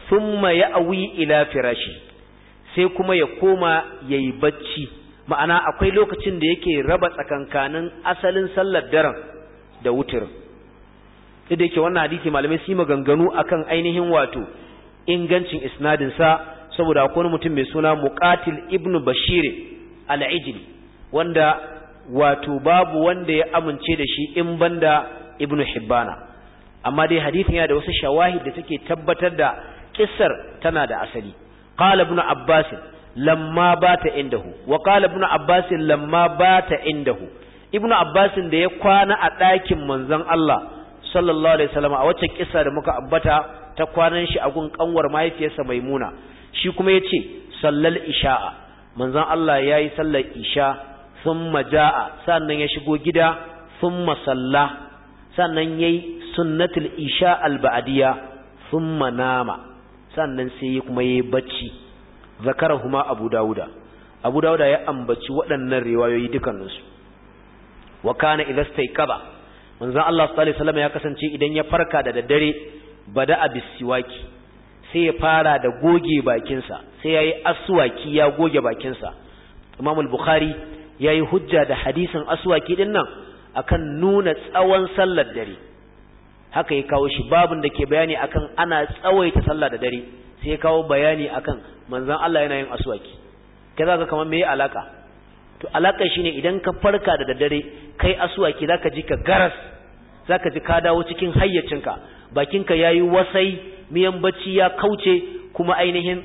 thumma ya'wi ila firashi sai kuma ya koma yayi bacci ma'ana akwai lokacin da yake raba tsakankanin asalin sallar daren da wutur duk da yake wannan hadisi malamai su yi maganganu akan ainihin wato ingancin isnadin sa saboda akwai mutum mai suna muqatil ibnu bashir al'ijini wanda wato babu wanda ya amince da shi in banda ibnu hibbana amma dai hadithin yana da wasu shawahid da suke tabbatar da kissar tana da asali qala ibnu abbas lamma bata indahu wa qala ibnu abbas lamma bata indahu ibnu abbas da ya kwana a ɗakin manzon Allah sallallahu alaihi wasallam a wacce kissa da muka abbata, ta kwanan shi a gun ƙanwar mahaifiyarsa maimuna shi kuma ya ce sallal isha'a manzon Allah ya yi sallar isha sun maja'a sannan ya shigo gida sun masalla sannan ya yi sunnatul isha alba'adiya sun manama sannan sai ya kuma ya yi bacci huma abu dawuda abu dawuda ya ambaci waɗannan riwayoyi dukkaninsu wa kana idza kaba. manzon Allah sallallahu alaihi wasallam ya kasance idan ya farka da daddare bada siwaki sai ya fara da goge bakinsa sai ya yi aswaki ya goge bakinsa imamul bukhari ya yi hujja da hadisin aswaki din nan akan nuna tsawon sallar dare haka ya kawo shi babin da ke bayani akan ana tsawaita sallah da dare sai ya kawo bayani akan manzon Allah yana yin aswaki kaza ka kamar me alaka to alaka shine idan ka farka da daddare kai aswaki zaka ji ka garas zaka ji ka dawo cikin hayyacinka bakinka ya yi wasai miyan bacci ya kauce kuma ainihin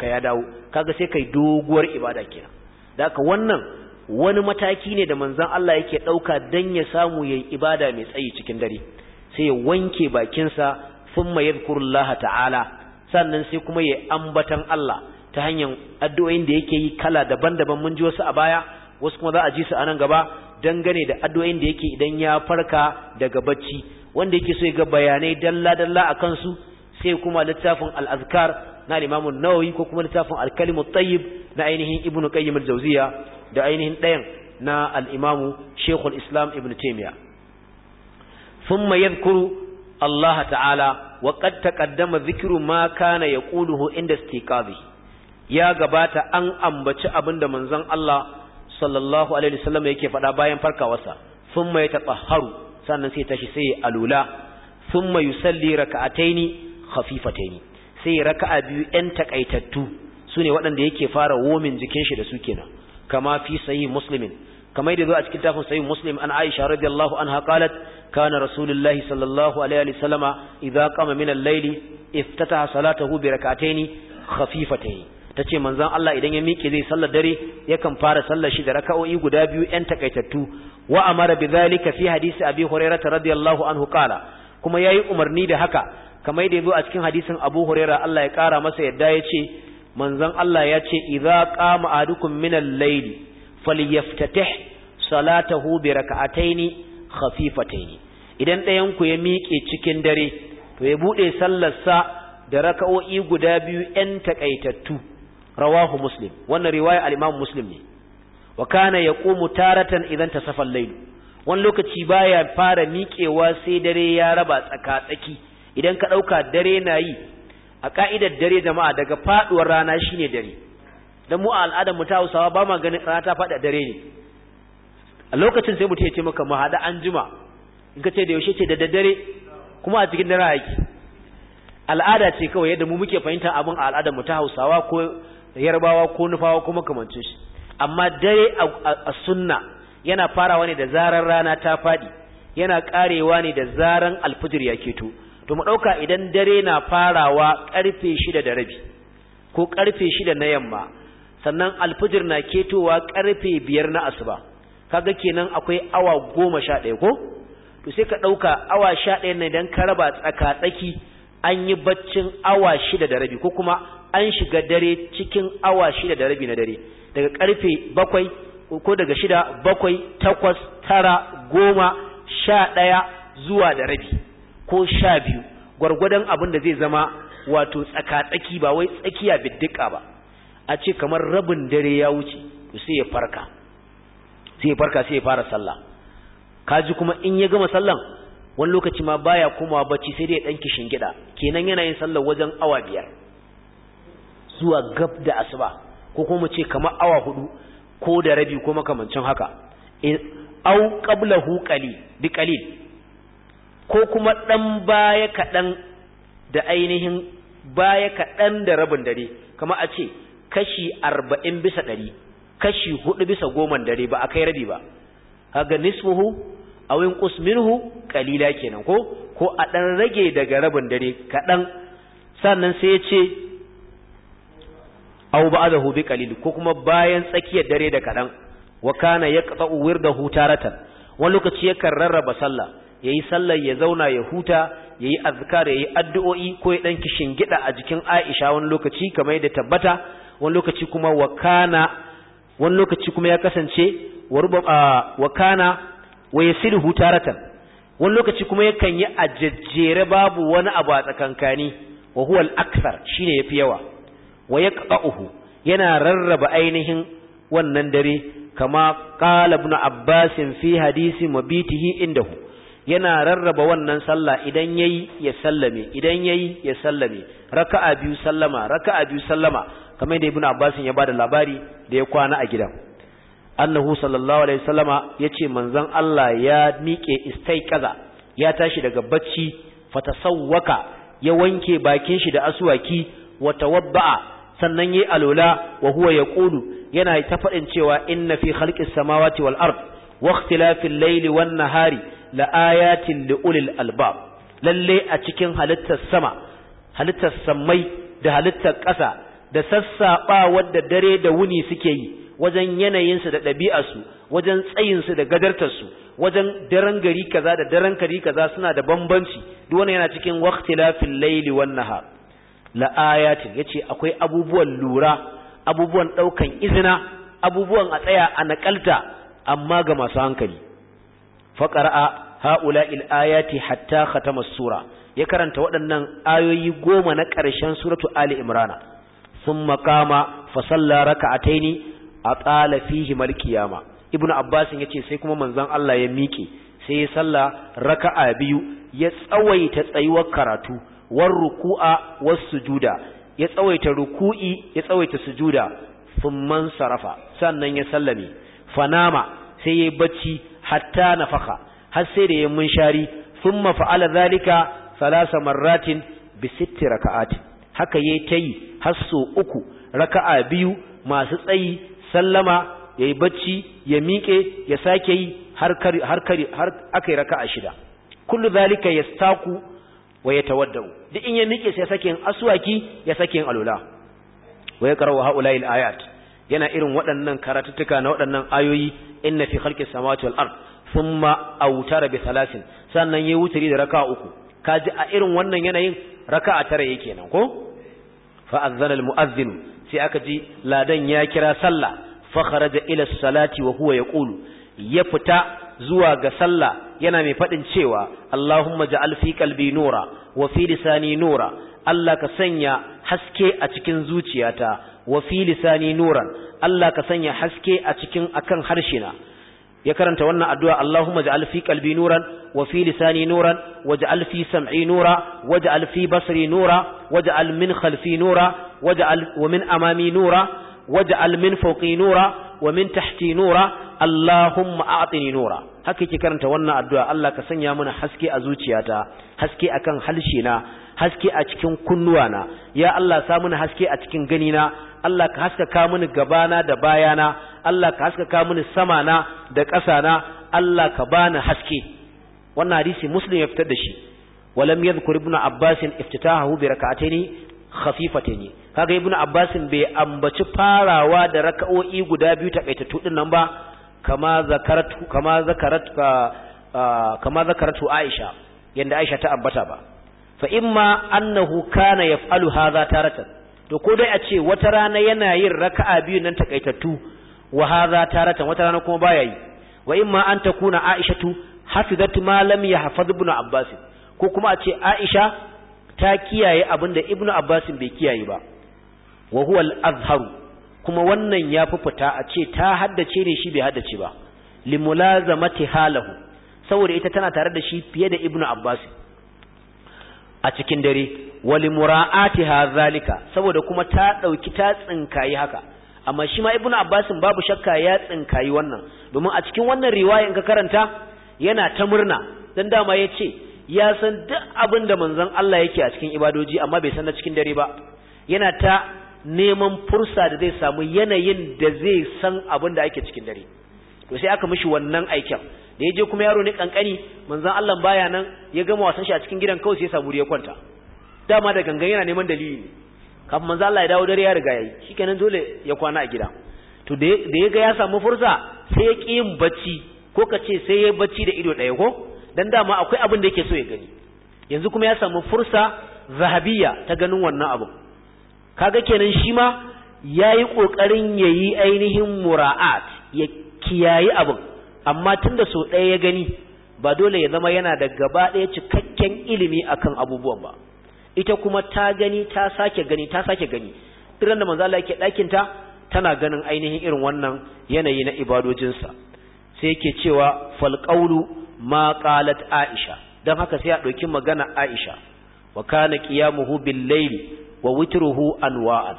ka ya dawo kaga sai kai doguwar ibada kenan da haka wannan wani mataki ne da manzon Allah yake ɗauka dan ya samu yayi ibada mai tsayi cikin dare sai ya wanke bakinsa thumma yadhkurullaha ta'ala sannan sai kuma ya ambatan Allah ta hanyar addu'o'in da yake yi kala daban-daban mun ji wasu a baya wasu kuma za a ji su a nan gaba dangane da addu'o'in da yake idan ya farka daga bacci wanda yake so ya ga bayanai dalla dalla a kansu sai kuma littafin al-azkar na al-imam nawawi ko kuma littafin al-kalimu na ainihin ibnu qayyim al-jawziya da ainihin ɗayan na al imamu shaykh al-islam ibnu taymiya thumma yadhkuru Allah ta'ala wa qad taqaddama dhikru ma kana yaquluhu inda istiqabi ya gabata an ambaci abinda manzon Allah sallallahu alaihi wasallam yake faɗa bayan farkawarsa thumma yatahharu sannan sai tashi sai alula thumma yusalli raka'ataini khafifataini sai raka'a biyu ɗan takaitattu sune waɗanda yake fara womin jikin shi da su kenan kama fi sahih muslimin kamar da zo a cikin tafin sahih muslim an aisha radiyallahu anha qalat kana rasulullahi sallallahu alaihi wasallama idza qama min al-layli iftataha salatahu bi rak'ataini khafifataini ta ce manzon Allah idan ya miƙe zai sallar dare yakan fara sallar shi da raka'o'i guda biyu ƴan takaitattu wa amara bidhalika fi hadisi abi hurairah radiyallahu anhu qala kuma yayi umarni da haka kamar da yazo a cikin hadisin abu hurairah Allah ya kara masa yadda ya ce manzon Allah ya ce idza qama adukum min al-layl falyaftatih salatahu bi raka'ataini khafifataini idan ɗayan ku ya miƙe cikin dare to ya buɗe sallarsa da raka'o'i guda biyu ƴan takaitattu rawahu muslim wannan riwaya al-imam muslim ne wa kana yaqumu taratan idan tasafa al-layl wani lokaci baya fara miƙewa sai dare ya raba tsaka tsaki idan ka dauka dare na yi a ka'idar dare jama'a daga faduwar rana shine dare dan mu a al'adar mu ta Hausawa ba ma ganin rana ta fada dare ne a lokacin sai mutum ya ce maka mu hada anjima in ka ce da yaushe ce da daddare kuma a cikin dare yake al'ada ce kawai yadda mu muke fahimta abin a al'adar mu ta Hausawa ko yarbawa ko nufawa ko makamancin shi amma dare a sunna yana farawa ne da zarar rana ta fadi yana karewa ne da zaran alfijir ya keto to mu dauka idan dare na farawa karfe 6 da rabi ko karfe 6 na yamma sannan alfijir na ketowa karfe 5 na asuba kaga kenan akwai awa 11 ko to sai ka dauka awa 11 ne dan ka raba tsaka tsaki an yi baccin awa 6 da rabi ko kuma an shiga dare cikin awa shida da rabi na dare daga karfe bakwai ko daga shida bakwai takwas tara goma sha ɗaya zuwa da rabi ko sha biyu gwargwadon abin da zai zama wato tsaka ba wai tsakiya biddika ba a ce kamar rabin dare ya wuce to sai ya farka sai ya farka sai ya fara sallah kaji kuma in ya gama sallan wani lokaci ma baya komawa bacci sai dai ya ɗan kishin gida kenan yana yin sallar wajen awa biyar zuwa gab da asuba ko kuma ce kamar awa hudu ko da rabi ko makamancin haka au qablahu qali bi qalil ko kuma dan baya kadan da ainihin baya kadan da rabin dare kama a ce kashi 40 bisa 100 kashi 4 bisa 10 dare ba a kai rabi ba kaga nisfuhu aw inqus minhu qalila kenan ko ko a dan rage daga rabin dare kadan sannan sai ya ce aw ba'dahu bi ko kuma bayan tsakiyar dare da kadan wa kana yaqta'u wirdahu taratan wani lokaci yakan rarraba sallah yayi sallar ya zauna ya huta yayi azkar yayi addu'o'i ko ya dan kishin gida a jikin Aisha wani lokaci kamar da tabbata wani lokaci kuma wa kana wani lokaci kuma ya kasance wa kana wa yasiru taratan wani lokaci kuma yakan yi ajajjere babu wani abu a tsakankani wa huwa al-akthar shine yafi yawa wa yaqta'uhu yana rarraba ainihin wannan dare kama qala ibn abbas fi hadisi mabitihi indahu yana rarraba wannan sallah idan yayi ya sallame idan yayi ya sallame raka'a biyu sallama raka'a biyu sallama kamar da ibn abbas ya bada labari da ya kwana a gidan annahu sallallahu alaihi wasallama yace manzon Allah ya miƙe kaza ya tashi daga bacci fatasawwaka ya wanke bakin shi da aswaki wa tawabba'a sannan yi alula wa huwa ƙudu yana ta faɗin cewa inna fi halƙin samawati wal ard wa laili layli wan nahari la ayatin li ulil albab lalle a cikin halittar sama halittar sammai da halittar ƙasa da sassaɓa wadda dare da wuni suke yi wajen yanayinsu da ɗabi'arsu wajen tsayinsu da gadartarsu wajen daren gari kaza da daren gari kaza suna da bambanci duk yana cikin waqtilafil laili wan nahar la'ayatin yace akwai abubuwan lura abubuwan daukan izina abubuwan a tsaya a nakalta amma ga masu hankali faqara haula ilayati hatta khatama sura ya karanta waɗannan ayoyi goma na ƙarshen suratu ali imrana thumma qama fa salla rak'ataini atala fihi mal qiyama ibnu abbas yace sai kuma manzon Allah ya miƙe sai ya salla raka'a biyu ya tsawaita tsayuwar karatu war ruku'a was sujuda ya tsawaita ruku'i ya tsawaita sujuda thumman sarafa sannan ya sallame fanama sai yayi bacci hatta nafaka har sai da yayin munshari thumma fa'ala zalika thalatha marratin bi sitti raka'at haka yayi tayi har so uku raka'a biyu masu tsayi sallama yayi bacci ya miƙe ya sake yi har har har akai raka'a shida kullu zalika yastaku wa ya tawaddau duk in ya miƙe sai sakin aswaki ya sakin alula wa ya karawa haula al ayat yana irin waɗannan karatuttuka na waɗannan ayoyi inna fi khalqis samawati wal ard thumma awtara bi thalathin sannan yayi wuturi da raka'a uku kaji a irin wannan yanayin raka'a tara yake nan ko fa azzana al muazzin sai aka ji ladan ya kira sallah fa kharaja ila salati wa huwa yaqulu ya fita zuwa ga sallah yana mai faɗin cewa Allahumma ja'al fi qalbi nura wa fi lisani nura Allah ka sanya haske a cikin zuciyata wa fi lisani nuran Allah ka sanya haske a cikin akan harshena ya karanta wannan addu'a Allahumma ja'al fi qalbi nuran wa fi lisani nuran waj'al fi sam'i nura waj'al fi basri nura waj'al min khalfi nura waj'al wa min amami nura waj'al min fawqi nura wa min tahti nura Allahumma a'tini nura haka yake karanta wannan addu'a Allah ka sanya mana haske a zuciyata haske akan halshe na haske a cikin kunnuwa na ya Allah sa mana haske a cikin gani na Allah ka haskaka mana gabana da bayana Allah ka haskaka mana sama na da ƙasa na Allah ka bani haske wannan hadisi muslim ya fitar da shi walam yadhkur ibnu abbas iftitahu bi rak'atayn khafifatayn kaga ibnu abbas bai ambaci farawa da raka'o'i guda biyu ta takaitattu din nan ba kama zakaratu kama zakaratu kama zakaratu Aisha yanda Aisha ta ambata ba fa imma annahu kana yaf'alu hadha taratan to ko dai a ce wata rana yana yin raka'a biyu nan takaitattu wa hadha taratan wata rana kuma baya yi wa imma an takuna Aishatu hafizat ma lam yahfaz ibn Abbas ko kuma a ce Aisha ta kiyaye abinda ibn Abbas bai kiyaye ba wa huwa al-azharu kuma wannan ya fi fita a ce ta haddace ne shi bai haddace ba limulazamati halahu saboda ita tana tare da shi fiye da ibnu abbas a cikin dare wali mura'ati hazalika saboda kuma ta dauki ta tsinkayi haka amma shi ma ibnu abbas babu shakka ya tsinkayi wannan domin a cikin wannan riwaya in ka karanta yana ta murna dan dama yace ya san duk abin da manzon Allah yake a cikin ibadoji amma bai san na cikin dare ba yana ta neman fursa da zai samu yanayin da zai san abin da ake cikin dare to sai aka mishi wannan aikin da ya je kuma yaro ne kankani manzon Allah baya nan ya gama wasan shi a cikin gidan kawai sai ya samu ya kwanta dama da gangan yana neman dalili ne kafin manzon Allah ya dawo dare ya riga yayi shikenan dole ya kwana a gida to da ya ga ya samu fursa sai ya ki yin bacci ko ka ce sai ya bacci da ido ɗaya ko dan dama akwai abin da yake so ya gani yanzu kuma ya samu fursa zahabiya ta ganin wannan abin kaga kenan shi ma yayi ya yi ainihin mura'at ya kiyayi abin amma tunda sau ɗaya ya gani ba dole ya zama yana da gaba ɗaya cikakken ilimi akan abubuwan ba ita kuma ta gani ta sake gani ta sake gani irin da manzo Allah yake ɗakin ta tana ganin ainihin irin wannan yanayi na ibadojinsa sai yake cewa fal qawlu ma qalat aisha dan haka sai a ɗauki magana aisha wa kana qiyamuhu bil layli wa witruhu anwa'an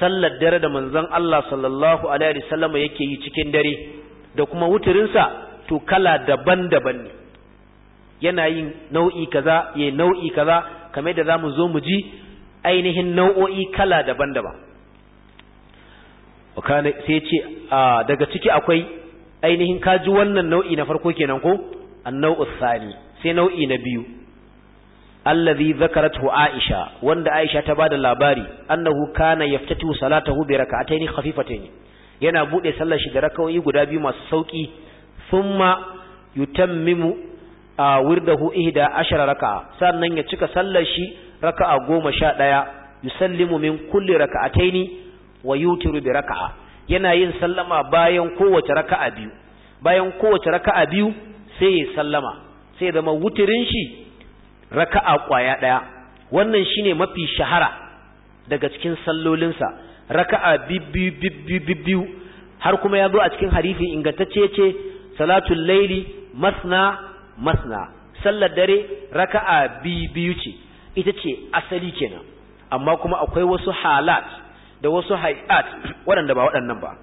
sallar dare da manzon Allah sallallahu alaihi wasallam yake yi cikin dare da kuma wutirinsa to kala daban-daban ne yana yin nau'i kaza ya nau'i kaza kamar da zamu zo mu ji ainihin nau'o'i kala daban-daban wakana sai ce daga ciki akwai ainihin kaji wannan nau'i na farko kenan ko annau'u sani sai nau'i na biyu allazi zakaratu aisha wanda aisha ta bada labari annahu kana yaftatu salatahu bi rak'ataini khafifataini. yana bude sallar shi da rak'o'i guda biyu masu sauki thumma yutammimu wirdahu ihda ashara raka'a sannan ya cika sallar shi raka'a goma sha ɗaya yusallimu min kulli rak'ataini wa yutiru bi raka'a yana yin sallama bayan kowace raka'a biyu bayan kowace raka'a biyu sai ya sallama sai zama wutirin shi raka'a kwaya ɗaya wannan shine mafi shahara daga cikin sallolinsa raka'a biyu har kuma ya zo a cikin harifi ingantacce ce salatul laili masna masna sallar dare raka'a bibbiyu ce ita ce asali kenan amma kuma akwai wasu halat da wasu hayat waɗanda ba waɗannan ba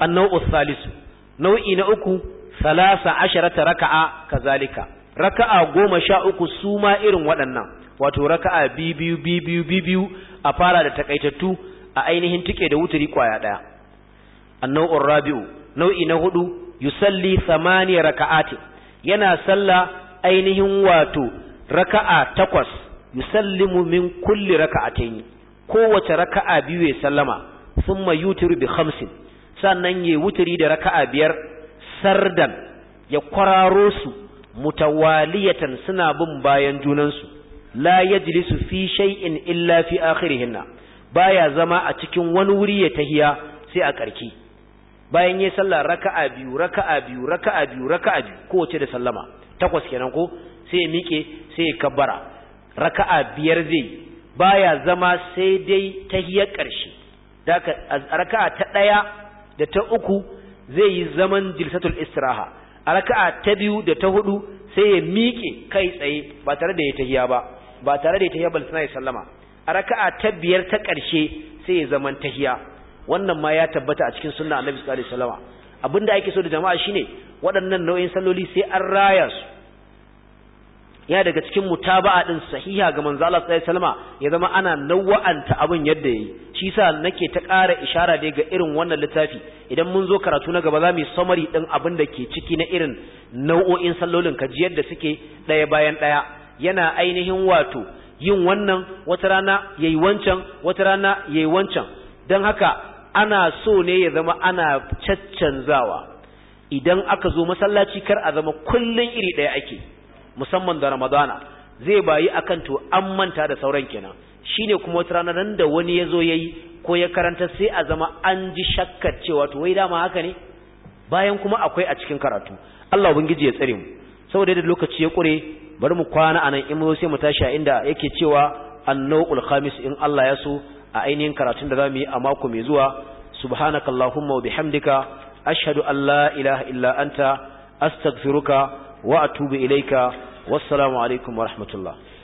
annau salisu nau'i na uku salasa asharata raka'a kazalika raka'a goma sha uku su ma irin waɗannan wato raka'a biyu biyu biyu a fara da takaitattu a ainihin tike da wuturi kwaya ɗaya nau'in rabi'u nau'i na hudu yusalli samaniya raka'ati yana sallah ainihin wato raka'a takwas yusallimu min kulli raka'atin kowace raka'a biyu ya sallama thumma yutiru bi khamsin sannan ya wuturi da raka'a biyar sardan ya kwararo su mutawaliyatan suna bin bayan junansu la yajlisu fi shay'in illa fi akhirihinna baya zama a cikin wani wuri ya tahiya sai a karki bayan yayin sallah raka'a biyu raka'a biyu raka'a biyu raka'a biyu kowace da sallama takwas kenan ko sai ya miƙe sai ya kabbara raka'a biyar zai baya zama sai dai tahiyar ƙarshe daka raka'a ta ɗaya da ta uku zai yi zaman jilsatul istiraha a raka'a ta biyu da ta hudu sai ya miƙe kai tsaye ba tare da ya tahiya ba ba tare da ya tahiya balsana ya sallama a raka'a ta biyar ta ƙarshe sai ya zaman tahiya wannan ma ya tabbata a cikin sunna annabi sallallahu alaihi wasallam abinda ake so da jama'a shine waɗannan nau'in salloli sai an raya su ya daga cikin mutaba'a din sahiha ga manzo Allah sallallahu alaihi wasallam ya zama ana nawa'anta abin yadda yayi shi yasa nake ta ƙara ishara dai ga irin wannan littafi idan mun zo karatu na gaba zamu yi summary din abin da ke ciki na irin nau'o'in sallolin ka ji yadda suke ɗaya bayan ɗaya yana ainihin wato yin wannan wata rana yayi wancan wata rana yayi wancan dan haka ana so ne ya zama ana caccanzawa idan aka zo masallaci kar a zama kullun iri ɗaya ake musamman da ramadana zai bayi akan to an manta da sauran kenan shi ne kuma wata rana nan da wani ya zo ya yi ko ya karanta sai a zama an ji shakkar cewa to wai dama haka ne bayan kuma akwai a cikin karatu Allah ubangiji ya tsare mu saboda da lokaci ya kure bari mu kwana anan in mu sai mu tashi a inda yake cewa annawul khamis in Allah ya so a ainihin karatun da zamu yi a mako mai zuwa subhanakallahumma wa bihamdika ashhadu an la ilaha illa anta astaghfiruka wa atubu ilaika wassalamu alaikum wa rahmatullah